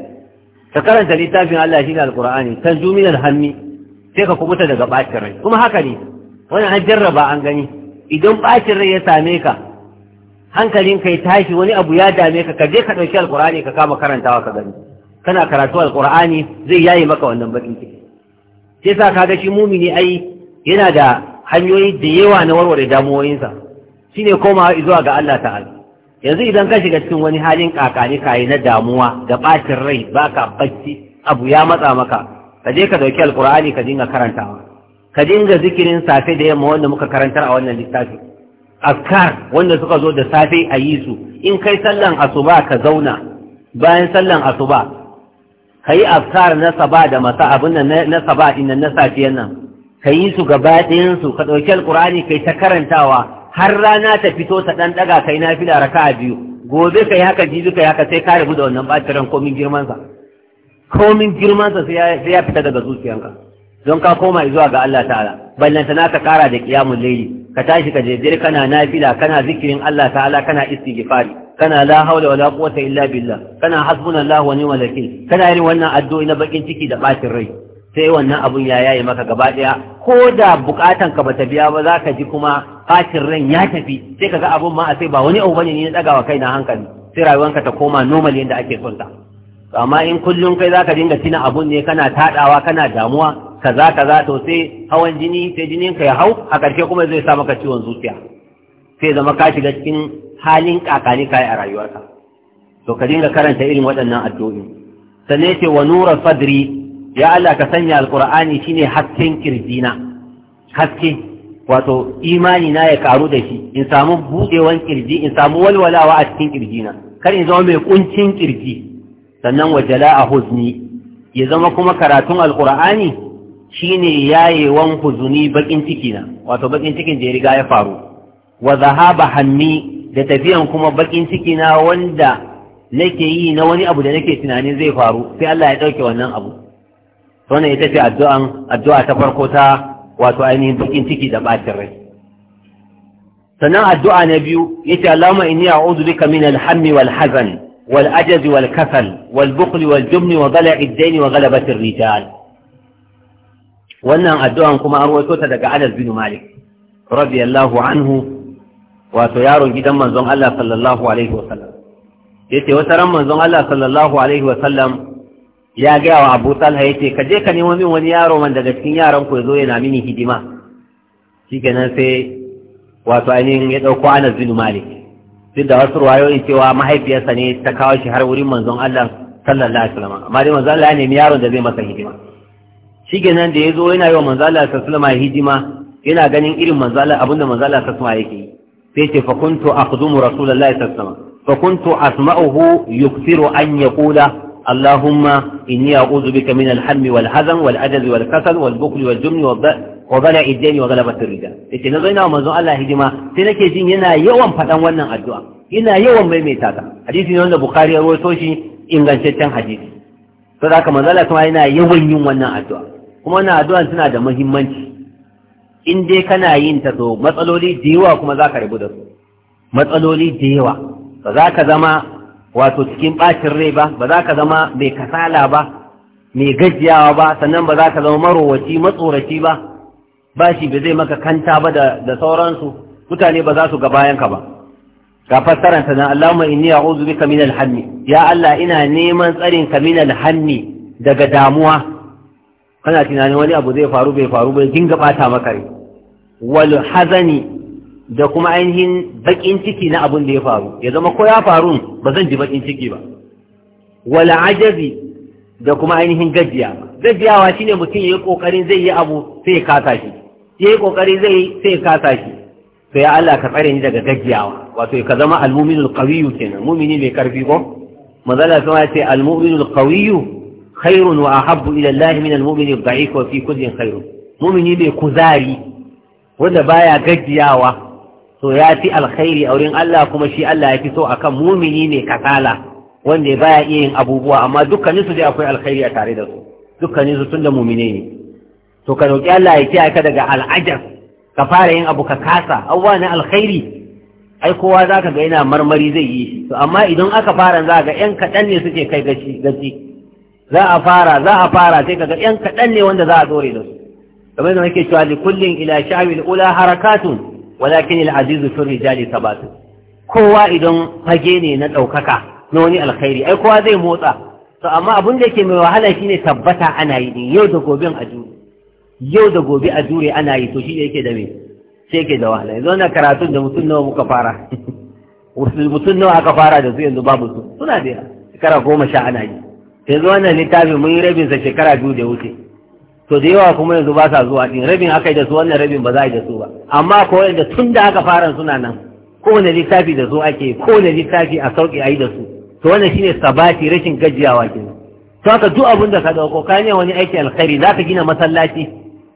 ka karanta littafin Allah shi ne alqur'ani kan juminar hannu sai ka kubuta daga ɓacin rai kuma haka ne wani an jarraba an gani idan ɓacin rai ya same ka hankalin kai tashi wani abu ya dame ka ka je ka ɗauki alqur'ani ka kama karantawa ka gani kana karatu alkur'ani zai yayi maka wannan baƙin ciki sai sa kaga shi mumini ai yana da hanyoyi da yawa na warware damuwoyinsa shine komawa zuwa ga Allah ta'ala yanzu idan ka shiga cikin wani halin kakani kayi na damuwa da bacin rai baka bacci abu ya matsa maka ka je ka dauki alkur'ani ka dinga karantawa ka dinga zikirin safe da yamma wanda muka karantar a wannan littafi askar wanda suka zo da safe a yi su in kai sallan asuba ka zauna bayan sallan asuba ka yi askar na saba da masa abin nan na saba din na safiyan nan ka yi su gaba ɗayansu ka ɗauki alƙur'ani kai ta karantawa har rana ta fito ta ɗan ɗaga kai na fila raka biyu gobe ka yi haka jibi ka yi haka sai ka rabu da wannan ɓacin komin girmansa komin girmansa sai ya fita daga zuciyanka don ka koma zuwa ga Allah ta'ala ballanta na ka kara da kiyamun laili ka tashi ka jejjere kana nafila kana zikirin Allah ta'ala kana istighfari kana la haula wala quwwata illa billah kana hasbunallahu wa ni'mal wakeel kana yin wannan addu'o'i na bakin ciki da bacin rai sai wannan abun ya yaye maka gaba ɗaya ko da bukatan ka bata biya ba za ka ji kuma bacin ran ya tafi sai ka ga abun ma a sai ba wani abu bane ne na ɗagawa kai na hankali sai rayuwanka ta koma normal yadda ake son ta amma in kullum kai zaka dinga tina abun ne kana taɗawa kana damuwa kaza kaza to sai hawan jini sai jinin ka ya hau a ƙarshe kuma zai sa maka ciwon zuciya sai zama ka shiga cikin halin kakani kai a rayuwarka to ka dinga karanta irin waɗannan addu'o'i sannan ce wa nura sadri ya Allah ka sanya Alkur'ani shine hasken kirjina haske wato imani na ya karu da shi in samu buɗewan kirji in samu walwalawa a cikin kirjina kar in zama mai ƙuncin ƙirji sannan wa a huzni ya zama kuma karatun Alkur'ani shine yayewan huzuni bakin ciki na wato bakin cikin da ya riga ya faru wa zahaba hammi da tafiyan kuma bakin ciki na wanda nake yi na wani abu da nake tunanin zai faru sai Allah ya dauke wannan abu wannan ita ce addu'an addu'a ta farko ta wato ainihin bikin ciki da bacin rai sannan addu'a na biyu yace Allahumma inni a'udhu bika min al wal hazan wal wal kasal wal bukhl wal wa wa rijal wannan addu'an kuma an rawaito ta daga Anas bin Malik radiyallahu anhu wato yaron gidan manzon Allah sallallahu alaihi wata ran manzon Allah sallallahu alaihi ya gaya wa abu talha ya ce ka je ka nemo min wani yaro man daga cikin yaran ku ya zo yana mini hidima shi kenan sai wato ainihin ya ɗauko ana zinu malik duk da wasu ruwayoyin cewa mahaifiyarsa ne ta kawo shi har wurin manzon allah sallallahu alaihi wasallam amma dai manzon allah ya nemi yaron da zai masa hidima shi kenan da ya zo yana yi wa manzon allah sallallahu alaihi hidima yana ganin irin manzon allah abinda manzon allah sallallahu alaihi yake yi sai ce fa kuntu akhdumu rasulullahi sallallahu alaihi wasallam fa kuntu asma'uhu yukthiru an yaqula اللهم إني أعوذ بك من الحم والهزم والعجز والكسل والبخل والجبن وضلع الدين وغلبة الرجال إذا نظرنا ومنذ الله هجما سنكي جين ينا يوم فتن ونن الدعاء ينا يوم ميميتاتا حديث يوم البخاري رويتوشي إن غنشتن حديث فذاك من ذلك ما ينا يوم يوم ونن الدعاء kuma wannan addu'an suna da muhimmanci in dai kana yin ta so matsaloli da yawa kuma za ka rabu da su matsaloli da yawa ba za ka zama wato cikin ɓacin rai ba ba za ka zama mai kasala ba mai gajiyawa ba sannan ba za ka zama marowaci matsoraci ba ba shi ba zai maka kanta ba da sauransu mutane ba za su ga bayanka ba ga fassaranta na Allahumma inni a'udhu bika min hammi ya Allah ina neman tsarin kaminal min hammi daga damuwa kana tunanin wani abu zai faru bai faru bai dinga bata maka rai wal hazani da kuma ainihin bakin ciki na abin da ya faru ya zama ko ya faru ba zan ji bakin ciki ba wala ajabi. da kuma ainihin gajiya gajiyawa shine mutum yayi kokarin zai yi abu sai ya kasa shi yayi kokari zai sai ya kasa shi to ya Allah ka tsare ni daga gajiyawa wato ka zama almu'minul qawiyyu kenan mu'mini mai karfi ko mazala kuma ce almu'minul qawiyyu khairun wa ahabbu ila Allah min almu'minid da'if wa fi kullin khairun mu'mini mai kuzari wanda baya gajiyawa to ya fi alkhairi a wurin Allah kuma shi Allah ya fi so akan mumini ne kasala wanda ya baya iya yin abubuwa amma dukkanin su dai akwai alkhairi a tare da su dukkanin su da mumine ne to ka roki Allah ya kiyaye ka daga al'ajar ka fara yin abu ka kasa awwa na alkhairi ai kowa zaka ga yana marmari zai yi shi to amma idan aka fara za ga yan kaɗan ne suke kai gaci gaci za a fara za a fara sai ga yan kaɗan ne wanda za a dore da su kamar yadda nake cewa kullin ila sha'il ula harakatun walakin al-azizu fi rijali sabatu kowa idan fage ne na daukaka na wani alkhairi ai kowa zai motsa to amma abin da yake mai wahala shine tabbata ana yi din yau da gobe a jure yau da gobe a jure ana yi to shi yake da me shi yake da wahala yanzu na karatun da mutum nawa muka fara mutum nawa aka fara da su yanzu babu su suna da shekara goma sha ana yi yanzu wannan littafin mun yi rabin sa shekara biyu da wuce to da yawa kuma yanzu ba sa zuwa din rabin aka yi da su wannan rabin ba za a yi da su ba amma ko yadda tun da aka fara suna nan ko kowane littafi da su ake ko kowane littafi a sauƙi a yi da su to wannan shine sabati rashin gajiyawa ke to haka duk abin da ka dauko ka ne wani aiki alkhairi za ka gina masallaci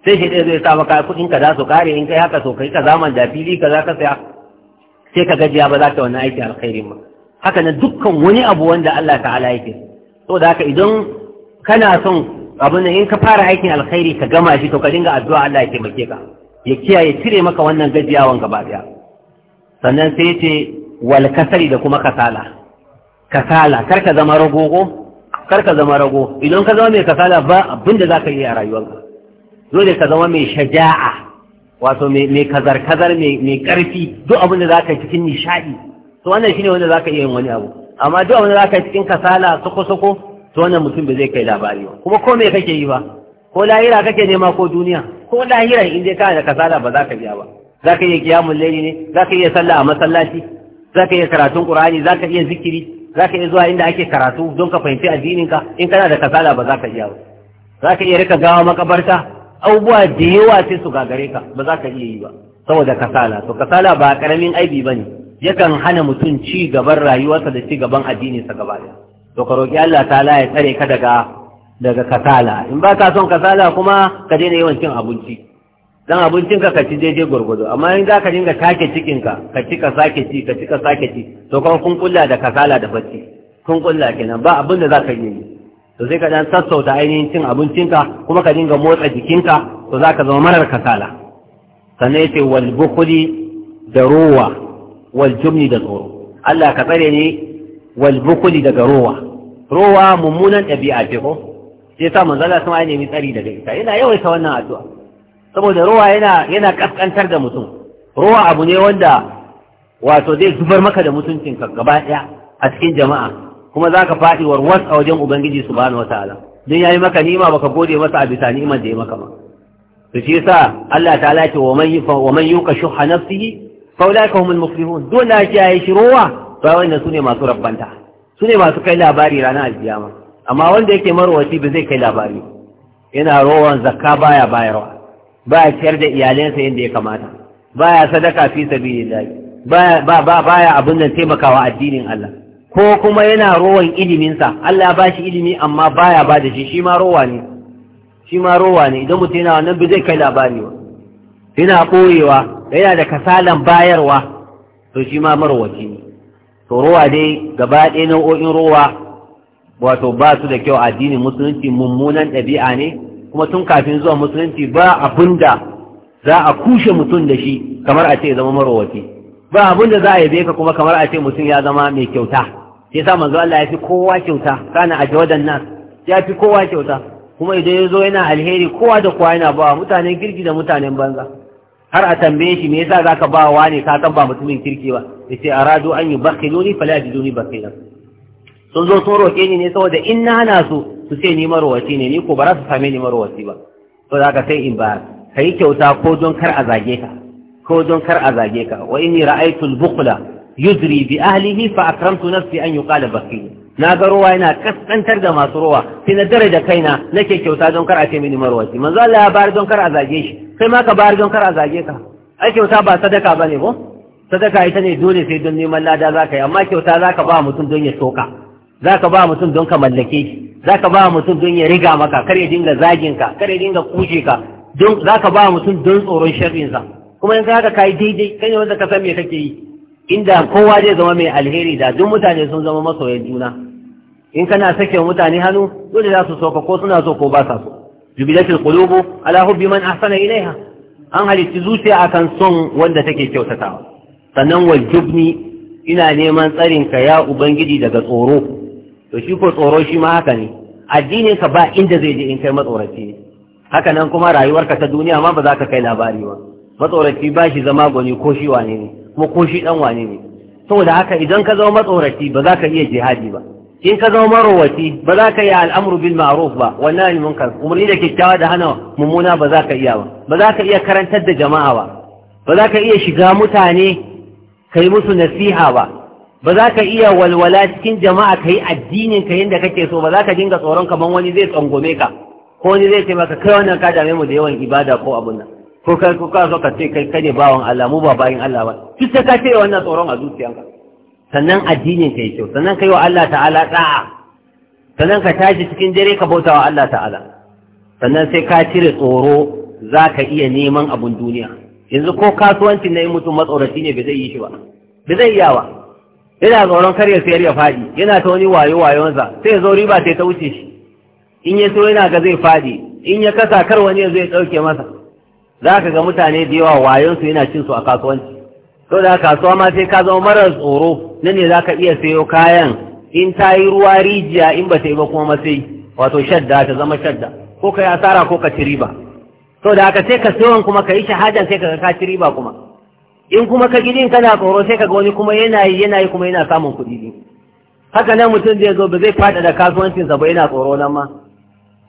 sai shi ɗaya zai sa maka kuɗin ka za su kare in kai haka to kai ka zaman da fili ka za ka saya sai ka gajiya ba za ka wani aiki alkhairi ma haka na dukkan wani abu wanda Allah ta'ala yake to da haka idan kana son abin da in ka fara aikin alkhairi ka gama shi to ka dinga addu'a Allah ya taimake ka ya kiyaye cire maka wannan gajiyawan gaba daya sannan sai yace wal kasali da kuma kasala kasala kar ka zama ragogo kar ka zama rago idan ka zama mai kasala ba abin da zaka yi a rayuwarka dole ka zama mai shaja'a wato mai kazar kazar mai karfi duk abin da zaka yi cikin nishadi to wannan shine wanda zaka iya yin wani abu amma duk abin da zaka yi cikin kasala soko soko to wannan mutum ba zai kai labari ba kuma ko me kake yi ba ko lahira kake nema ko duniya ko lahira in dai kana da kasala ba za ka biya ba za ka iya kiyamun laili ne za ka iya sallah a masallaci za ka iya karatun qur'ani za ka iya zikiri za ka iya zuwa inda ake karatu don ka fahimci addininka in kana da kasala ba za ka biya ba za ka iya rika gawa makabarta abubuwa da yawa sai su gagare ka ba za ka iya yi ba saboda kasala to kasala ba karamin aibi bane yakan hana mutum ci gaban rayuwarsa da ci gaban addininsa gaba ɗaya to ka roƙi Allah ta ya tsare ka daga daga kasala in ba ka son kasala kuma ka daina yawan cin abinci dan abincin ka ci daidai gwargwado amma in za ka dinga take cikin ka ka ci ka sake ci ka ci ka sake ci to kuma kun kulla da kasala da bacci kun kulla kenan ba abin da za ka yi to sai ka dan sassauta ainihin cin abincinka kuma ka dinga motsa jikinka to za ka zama marar kasala sannan yace wal bukhli da ruwa wal jumni da tsoro Allah ka tsare ni wal bukhli daga ruwa rowa mummunan ɗabi'a ce ko sai sa manzala sun ainihin tsari daga ita yana yawaita wannan addu'a saboda rowa yana yana kaskantar da mutum rowa abu ne wanda wato zai zubar maka da ka gaba ɗaya a cikin jama'a kuma za ka faɗi warwas a wajen ubangiji subhanahu wataala don ya yi maka ni'ima baka gode masa a bisa ni'imar da ya maka ba to shi yasa Allah ta'ala ce wa man wa man yuqa shuhha nafsihi fa ulaika humul muflihun dole ya yi shirowa to wanda sune masu rabbanta su ne masu kai labari ranar aljiyama, amma wanda yake marwaci ba zai kai labari yana rowan zakka baya bayarwa baya ciyar da iyalinsa yadda ya kamata baya sadaka fi sabilillah baya ba baya abin nan taimakawa addinin Allah ko kuma yana rowan iliminsa Allah ba shi ilimi amma baya ba da shi shi ma rowa ne shi ma rowa ne idan mutum yana wannan ba zai kai labari ba yana koyewa yana da kasalan bayarwa to shi ma marwaci ne to ruwa dai gaba ɗaya nau'o'in ruwa wato ba su da kyau addinin musulunci mummunan ɗabi'a ne kuma tun kafin zuwa musulunci ba abin da za a kushe mutum da shi kamar a ce zama marowaci ba abin da za a yabe ka kuma kamar a ce mutum ya zama mai kyauta sai sa manzo Allah ya fi kowa kyauta kana a jawadan nan ya fi kowa kyauta kuma idan ya zo yana alheri kowa da kowa yana ba mutanen girgi da mutanen banza har a tambaye shi me yasa zaka ba wa ne ka san ba mutumin kirki ba yace aradu an yubakhiluni fala yajiduni bakhilan sun zo sun roke ni ne saboda in na hana su su ce ni marwaci ne ni ko ba za su same ni marwaci ba to zaka sai in ba kai kyauta ko don kar a zage ka ko don kar a zage ka wa inni ra'aytu al-bukhla yudri bi ahlihi fa akramtu nafsi an yuqala bakhil na ga ruwa yana kaskantar da masu ruwa sai na dare da kaina nake kyauta don kar a ce mini marwaci manzo Allah ya bar don kar a zage shi sai ma ka bayar don kar a zage ka ai kyauta ba sadaka ba ne ko sadaka ita ne dole sai don neman lada za ka yi amma kyauta za ka ba mutum don ya soka za ka ba mutum don ka mallake shi za ka ba mutum don ya riga maka kar ya dinga zagin ka kar ya dinga kuje ka za ka ba mutum don tsoron sharrinsa kuma yanzu haka ka yi daidai kai ne wanda ka san me kake yi inda kowa zai zama mai alheri da duk mutane sun zama masoyan juna in kana sake mutane hannu dole za su soka ko suna so ko ba sa so jubilatul qulubu ala hubbi man ahsana ilaiha an halitti zuciya akan son wanda take kyautatawa sannan wal ina neman tsarin ka ya ubangiji daga tsoro to shi ko tsoro shi ma haka ne addinin ka ba inda zai je in kai matsoraci ne haka nan kuma rayuwarka ta duniya ma ba za ka kai labari ba matsoraci ba shi zama gwani ko shi wane ne kuma ko shi dan wane ne saboda haka idan ka zama matsoraci ba za ka iya jihadi ba in ka zama marowaci ba za ka yi al'amru bil ma'aruf ba wannan ne munkar umarni da kyakkyawa da hana mummuna ba za ka iya ba ba za ka iya karantar da jama'a ba ba za ka iya shiga mutane ka yi musu nasiha ba ba za ka iya walwala cikin jama'a ka yi addinin ka yadda kake so ba za ka dinga tsoron kamar wani zai tsangome ka ko wani zai ce maka kai wannan ka dame mu da yawan ibada ko abun nan ko kai ka so ka ce kai bawan Allah mu ba bayin Allah ba duk sai ka ce wannan tsoron a zuciyarka. sannan addinin ka yi kyau sannan ka yi wa Allah ta'ala ɗa'a, sannan ka tashi cikin dare ka bauta wa Allah ta'ala sannan sai ka cire tsoro za ka iya neman abin duniya yanzu ko kasuwancin na yi mutum matsoraci ne bai zai yi shi ba bai zai iya ba yana tsoron kar ya sayar ya faɗi yana ta wani wayo wayonsa sai ya zo riba sai ta wuce shi in ya so yana ga zai faɗi in ya kasa kar wani ya zo ya ɗauke masa za ka ga mutane da yawa wayonsu yana cin su a kasuwanci to da kasuwa ma sai ka zama marar tsoro nan ne za ka iya sayo kayan in ta yi ruwa rijiya in ba ta yi ba kuma masai wato shadda ta zama shadda ko ka yi asara ko ka ci riba to da haka sai ka sayon kuma ka yi shahadan sai ka ka ci riba kuma in kuma ka gidi kana tsoro sai ka ga wani kuma yana yi yana yi kuma yana samun kuɗi ne haka nan mutum zai zo ba zai faɗa da kasuwancinsa ba yana tsoro nan ma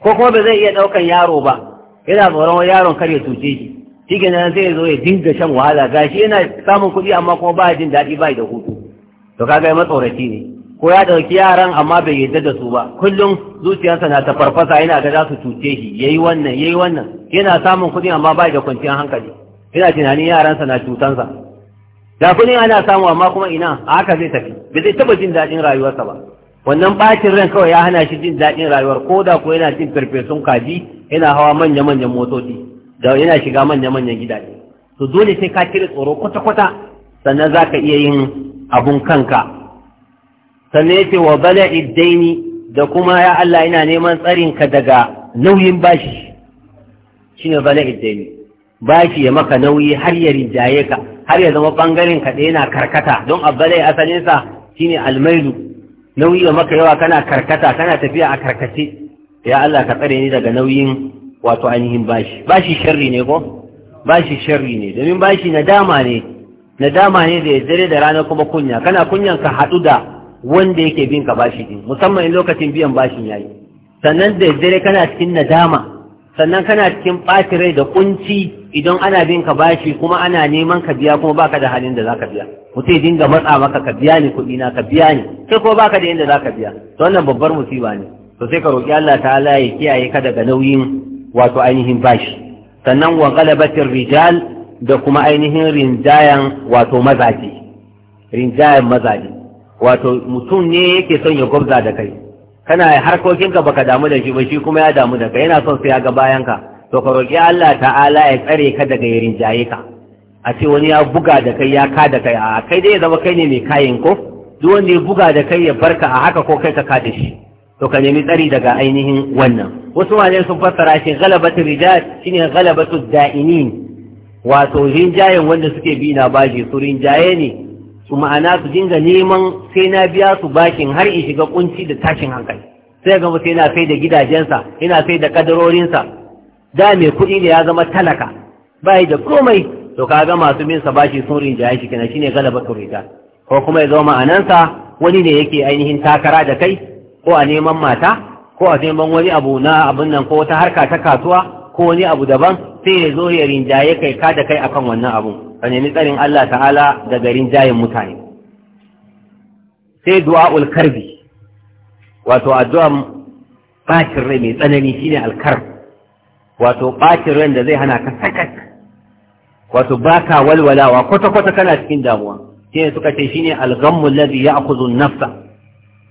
ko kuma ba zai iya ɗaukan yaro ba yana tsoron yaron kar ya tuce shi shi kenan sai zo ya dinga shan wahala gashi yana samun kuɗi amma kuma ba jin daɗi ba da hutu to kaga matsoraci ne ko ya ɗauki yaran amma bai yarda da su ba kullum zuciyarsa na ta farfasa yana ga za su cuce shi yi wannan yi wannan yana samun kuɗi amma ba da kwanciyar hankali yana tunanin yaransa na cutansa da kuɗin ana samu amma kuma ina a haka zai tafi bai zai taɓa jin daɗin rayuwarsa ba wannan ɓacin ran kawai ya hana shi jin daɗin rayuwar ko da ko yana jin farfesun kaji yana hawa manya-manyan motoci da yana shiga manya-manyan gidaje to dole sai ka cire tsoro kwata-kwata sannan za ka iya yin abun kanka sannan ya ce wa bala iddaini da kuma ya Allah yana neman tsarin ka daga nauyin bashi shine bala iddaini bashi ya maka nauyi har ya rinjaye ka har ya zama bangaren ka yana karkata don a asalin asalinsa shine almailu nauyi ya maka yawa kana karkata kana tafiya a karkace ya Allah ka tsare ni daga nauyin wato ainihin bashi bashi sharri ne ko bashi sharri ne domin bashi nadama ne nadama ne da dare da rana kuma kunya kana kunyan ka haɗu da wanda yake bin ka bashi din musamman in lokacin biyan bashin yayi sannan da dare kana cikin nadama sannan kana cikin ɓaci rai da kunci idan ana bin ka bashi kuma ana neman ka biya kuma baka da halin da zaka biya mutum ya dinga matsa maka ka biya ni kuɗi na ka biya ni sai kuma baka da inda zaka biya to wannan babbar musiba ne to sai ka roƙi Allah ta'ala ya kiyaye ka daga nauyin wato ainihin bashi sannan wa galabatin rijal da kuma ainihin rinjayen wato mazaje rinjayen mazaje wato mutum ne yake son ya gwabza da kai kana harkokin ka baka damu da shi ba shi kuma ya damu da kai yana son sai ya ga ka to ka roƙi Allah ta'ala ya tsare ka daga rinjaye ka a ce wani ya buga da kai ya ka da kai a kai dai ya zama kai ne mai kayan ko duk wanda ya buga da kai ya barka a haka ko kai ka ka da shi to ka nemi tsari daga ainihin wannan wasu wajen sun fassara shi galabatu rijal shine galabatu da'inin wato rinjayen wanda suke bi na bashi su rinjaye ne su ma'ana su dinga neman sai na biya su bashin har in shiga kunci da tashin hankali sai ga mutum yana sai da gidajensa yana sai da kadarorinsa da me kuɗi ne ya zama talaka bai da komai to kaga masu bin sa bashi sun rinjaye shi kenan shine galabatu rijal ko kuma ya zama ma'anansa wani ne yake ainihin takara da kai ko a neman mata ko a neman wani abu na abin nan ko wata harka ta kasuwa ko wani abu daban sai ya zo ya rinjaye kai ka da kai akan wannan abun ka nemi tsarin Allah ta'ala daga rinjayen mutane sai du'a'ul karbi wato Addu'a, bacin rai mai tsanani shine alkar wato bacin rai da zai hana ka sakat wato baka walwalawa kwata-kwata kana cikin damuwa shine suka ce shine alghammu allazi ya'khudhu an-nafsa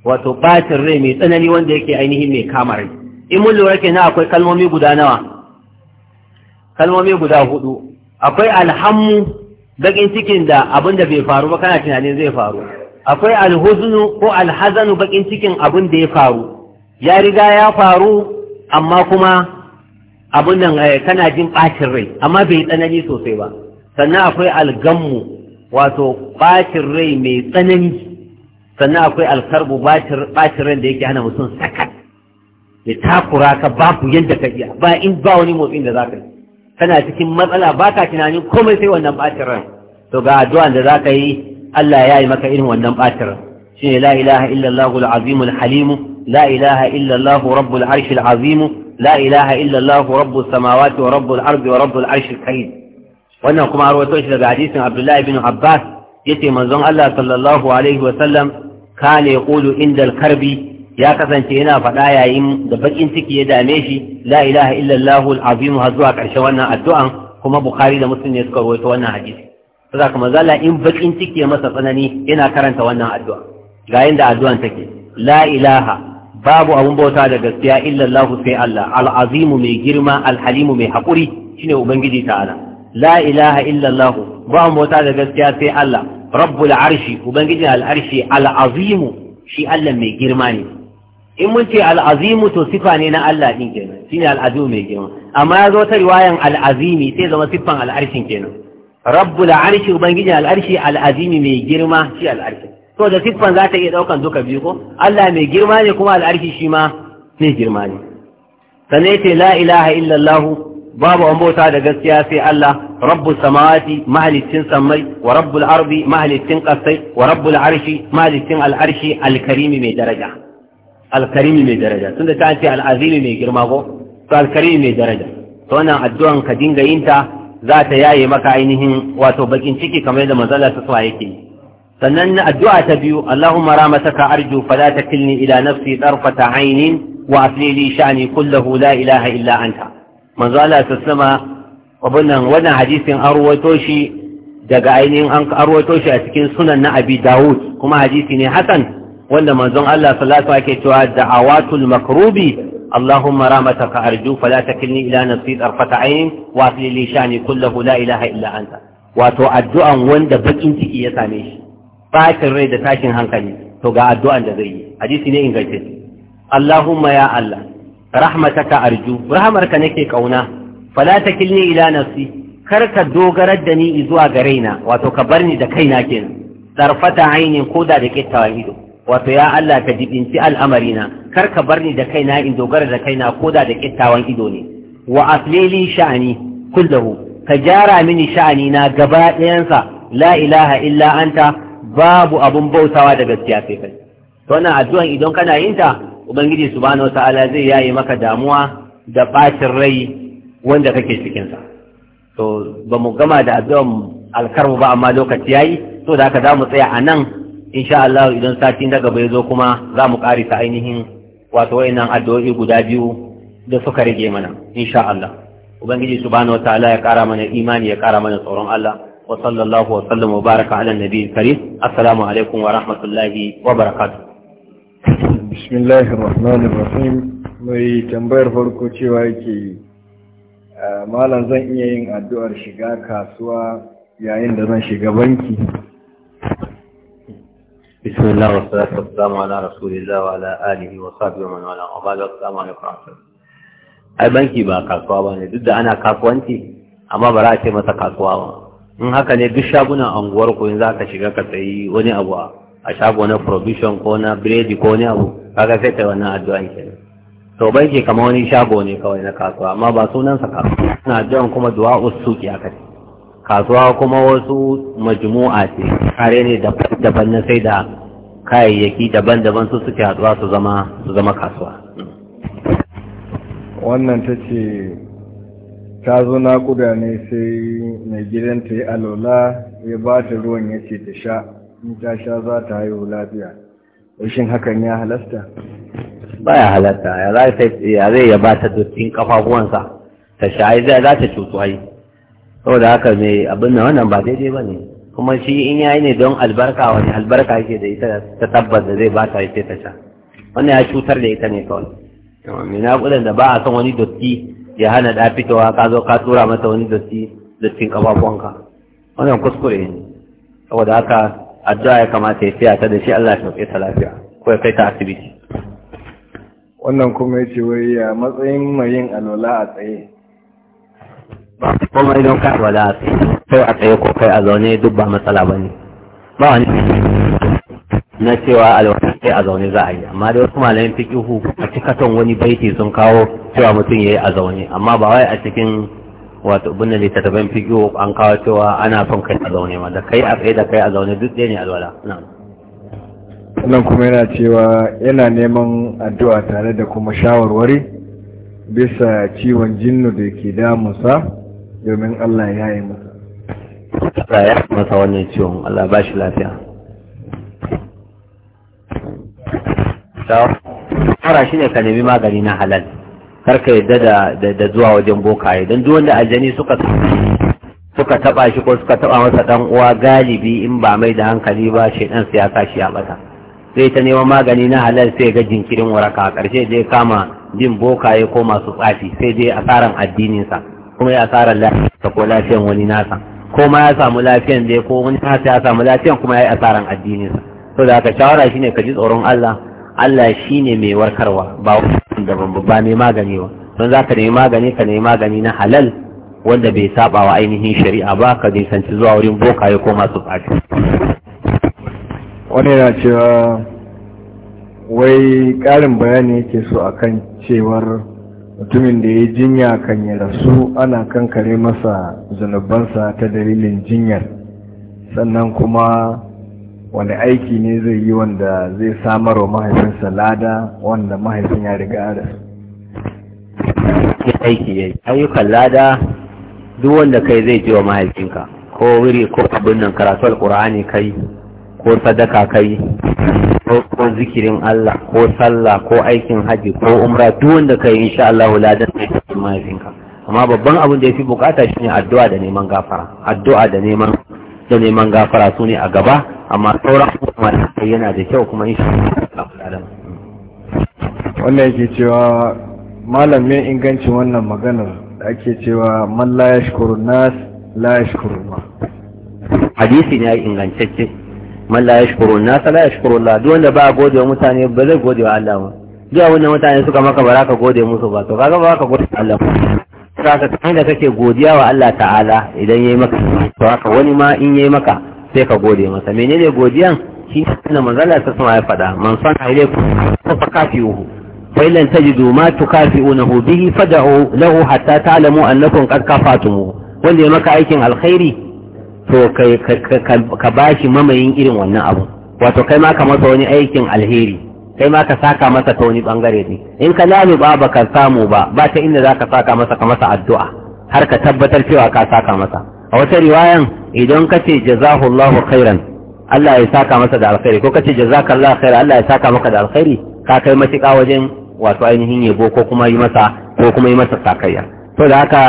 wato bacin rai mai tsanani wanda yake ainihi mai kama rai in mun lura kenan akwai kalmomi guda nawa kalmomi guda hudu akwai alhammu bakin cikin da abin da bai faru ba kana tunanin zai faru akwai alhuzunu ko alhazanu bakin cikin abin da ya faru ya riga ya faru amma kuma abin nan eh, kana jin bacin rai amma bai tsanani sosai ba sannan akwai algammu wato bacin rai mai tsanani sannan akwai alkarbu batirin da yake hana mutum sakat ya takura ka babu yadda ka iya ba in ba wani motsin da za ka yi kana cikin matsala ba ka tunanin komai sai wannan batirin to ga addu'a da za ka yi Allah ya yi maka irin wannan batirin shi ne la ilaha illallah al-azim al-halim la ilaha illallah rabbul arsh al-azim la ilaha illallah rabbus samawati wa rabbul ardi wa rabbul arsh al-karim wannan kuma rawaito shi daga hadisin Abdullah ibn Abbas yace manzon Allah sallallahu alaihi wa sallam kana yaqulu inda karbi ya kasance yana faɗa yayin da bakin ciki ya dame shi la ilaha illallah al-azim har zuwa ƙarshen wannan addu'an kuma bukhari da muslim ne suka rawaito wannan hadisi saboda kuma zalla in bakin ciki ya masa tsanani yana karanta wannan addu'a ga yanda addu'an take la ilaha babu abun bauta da gaskiya illallah sai Allah al-azim mai girma al-halim mai hakuri shine ubangiji ta'ala la ilaha illallah ba abun da gaskiya sai Allah rabbul arshi ubangijin al'arshi al'azimu shi Allah mai girma ne in mun ce al'azimu to sifa ne na Allah ɗin kenan shi ne al'azimu mai girma amma ya zo ta riwayan al'azimi sai zama siffan al'arshin kenan rabbul arshi ubangijin al'arshi al'azimi mai girma shi al'arshi to da siffan za ta iya ɗaukan duka biyu ko Allah mai girma ne kuma al'arshi shi ma mai girma ne sannan ya ce la ilaha illallahu. babu an bauta da gaskiya sai Allah rabbu samawati mahaliccin sammai wa rabbul ardi mahaliccin kasai wa rabbul arshi mahalicin al'arshi alkarimi mai daraja alkarimi mai daraja tunda ta ce al'azimi mai girma ko to alkarimi mai daraja to wannan addu'an ka dinga yinta ta za ta yaye maka ainihin wato bakin ciki kamar yadda manzala ta tsawa yake yi sannan addu'a ta biyu Allahumma ramataka arju fala takilni ila nafsi tarfata ainin wa afli li sha'ni kullahu la ilaha illa anta manzo Allah sassama abunan wannan hadisin arwato shi daga an arwato shi a cikin sunan na abi dawud kuma hadisi ne hasan wanda manzon Allah sallallahu alaihi wasallam ke cewa da'awatul makrubi اللهم رامتك أرجو فلا تكلني إلى نفسي طرفة عين وأصل لي شأني كله لا إله إلا أنت wato addu'an wanda bakin ciki ya same shi bakin rai da tashin hankali to ga addu'an da zai yi hadisi ne ingantacce Allahumma ya Allah rahmataka arju rahamarka nake kauna fala takilni ila nafsi kar ka dogarar da ni zuwa ga raina wato ka bar ni da kaina kenan tsarfata ainin koda da ke ido wato ya Allah ka al'amari al'amarina kar ka bar ni da kaina in dogara da kaina koda da kittawan ido ne wa aslili sha'ani kullahu ka jara mini sha'ani na gaba ɗayansa la ilaha illa anta babu abun bautawa da gaskiya sai kai to na addu'an idan kana yinta ubangiji subhanahu ta'ala zai yayi maka damuwa da bacin rai wanda kake cikinsa. to ba mu gama da addu'an alkarmu ba amma lokaci yayi to da haka mu tsaya a nan insha Allah idan sati na gaba ya zo kuma za mu ta ainihin wato wayannan addu'o'i guda biyu da suka rage mana insha Allah ubangiji subhanahu ta'ala ya ƙara mana imani ya ƙara mana tsoron Allah wa sallallahu wa sallam wa baraka ala karim assalamu alaikum wa rahmatullahi wa barakatuh bismillahir rahmanir rahim mai tambayar farko cewa yake malam zan iya yin addu'ar shiga kasuwa yayin da zan shiga banki bismillah wa salatu wassalamu ala rasulillah wa ala alihi wa sahbihi wa man wala wa ba'd assalamu alaikum ai banki ba kasuwa bane duk da ana kasuwanci amma ba za a ce masa kasuwa ba in haka ne duk shagunan anguwar ku in za ka shiga ka sayi wani abu a shago na provision ko na biredi ko ne abu kaga sai kai wannan addu'an kenan to bai ce kamar wani shago ne kawai na kasuwa amma ba sunansa kasuwa ina addu'an kuma du'a ki aka ce kasuwa kuma wasu majmu'a ce kare ne daban na sai da kayayyaki daban-daban su suke haɗuwa su zama su zama kasuwa wannan ta ce ta zo na ne sai mai gidan ta yi alola ya ba ta ruwan ya ce ta sha in ta sha za ta haihu lafiya rashin hakan ya halasta ya halasta ya za ta ya zai ya ba ta dottin kafafuwansa ta shayi zai za ta cutu ai saboda haka mai abin nan wannan ba daidai ba ne kuma shi in ya yi ne don albarka wani albarka yake da ita ta tabbas da zai ba ta ita ta sha wannan ya cutar da ita ne kawai mai naƙudan da ba a son wani dotti ya hana da fitowa ka zo ka tura mata wani dotti dottin kafafuwanka wannan kuskure ne saboda haka addu'a ya kamata ya siya ta da shi Allah ya sauke ta lafiya ko ya kai ta asibiti wannan kuma yace wai ya matsayin mai yin alwala a tsaye ba kuma idan ka alwala a tsaye kai a tsaye ko kai a zaune duk ba matsala bane ba wani na cewa alwala sai a zaune za a yi amma dai wasu malamin fiqihu a cikaton wani baiti sun kawo cewa mutum yayi a zaune amma ba wai a cikin wato abin da littattafan fikiyo an kawo cewa ana son kai a zaune ma da kai a tsaye da kai a zaune duk ne alwala nan kuma yana cewa yana neman addu'a tare da kuma shawarwari bisa ciwon jinnu da ke damunsa domin Allah ya yi masa. Allah ya masa wannan ciwon Allah ba shi lafiya. Shawara shi ne ka nemi magani na halal. karka yadda da da zuwa wajen bokaye don duwanda aljani suka suka taba shi ko suka taba masa dan uwa galibi in ba mai da hankali ba shedan sai ya kashi ya bata sai ta neman magani na halal sai ga jinkirin waraka a karshe dai kama jin bokaye ko masu tsafi sai dai asaran addininsa kuma ya asaran lafiya ko lafiyan wani nasa ko ma ya samu lafiyan dai ko wani nasa ya samu lafiyan kuma ya yi asaran addininsa to da haka shawara shine ka ji tsoron Allah Allah shi ne mai warkarwa ba wani daban ba mai magani ba don za ka nemi magani ka nemi magani na halal wanda bai saba wa ainihin shari'a ba ka nisanci zuwa wurin ya koma masu tsaki wani yana cewa wai ƙarin bayani yake so a kan cewar mutumin da ya jinya kan ya rasu ana kankare masa zunubansa ta dalilin jinyar sannan kuma wani aiki ne zai yi wanda zai samar wa mahaifinsa lada wanda mahaifin ya riga da su aiki ya ayyukan lada duk wanda kai zai ji wa mahaifinka ko wuri ko abin nan karatu alkur'ani kai ko sadaka kai ko zikirin Allah ko sallah ko aikin haji ko umra duk wanda kai insha Allah ladan ne mahaifinka amma babban abin da yafi bukata shine addu'a da neman gafara addu'a da neman da neman gafara sune a gaba amma sauran abubuwa da suka yana da kyau kuma insha Allah wannan yake cewa malam ingancin wannan maganar da ake cewa man la yashkuru nas la yashkuru ma hadisi ne ingantacce man la yashkuru nas la yashkuru Allah duk wanda ba gode wa mutane ba zai gode wa Allah ba duk wanda mutane suka maka baraka ka gode musu ba to kaga ba ka gode Allah ba ka kai da kake godiya wa Allah ta'ala idan yayi maka to haka wani ma in yayi maka sai ka gode masa menene godiyan shi na manzala ta sama ya faɗa man san haile ku fa kafihu fa lan tajidu ma tukafi'unahu bihi fad'u lahu hatta ta'lamu annakum qad kafatumu wanda ya maka aikin alkhairi to kai ka bashi mamayin irin wannan abu wato kai ma ka masa wani aikin alheri kai ma ka saka masa ta wani bangare ne in ka lalu ba ba ka samu ba ba ta inda za ka saka masa ka masa addu'a har ka tabbatar cewa ka saka masa a wata riwayan idan ka ce jazahullahu khairan Allah ya saka masa da alkhairi ko ka ce jazakallahu khairan Allah ya saka maka da alkhairi ka kai matuƙa wajen wato ainihin yabo ko kuma yi masa ko kuma yi masa sakayya to da haka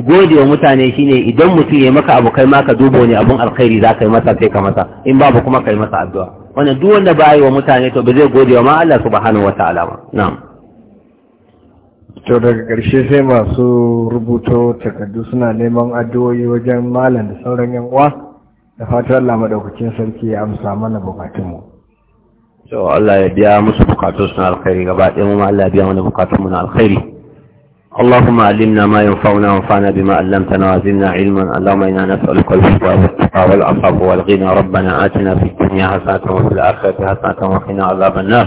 gode wa mutane shine idan mutum ya maka abu kai ma ka duba wani abun alkhairi za ka yi masa sai ka masa in babu kuma ka yi masa addu'a wannan duk wanda ba yi wa mutane to ba zai gode wa ma Allah subhanahu wataala ba na'am to daga ƙarshe sai masu rubuto takardu suna neman addu'o'i wajen malam da sauran yan uwa da fatan Allah madaukakin sarki ya amsa mana mu to Allah ya biya musu bukatun na alkhairi gaba ɗaya mu Allah ya biya mana bukatun mu na alkhairi اللهم علمنا ما ينفعنا وانفعنا بما علمتنا وزدنا علما اللهم انا نسالك الهدى والتقى والعفو والغنى ربنا اتنا في الدنيا حسنه وفي الاخره حسنه وقنا عذاب النار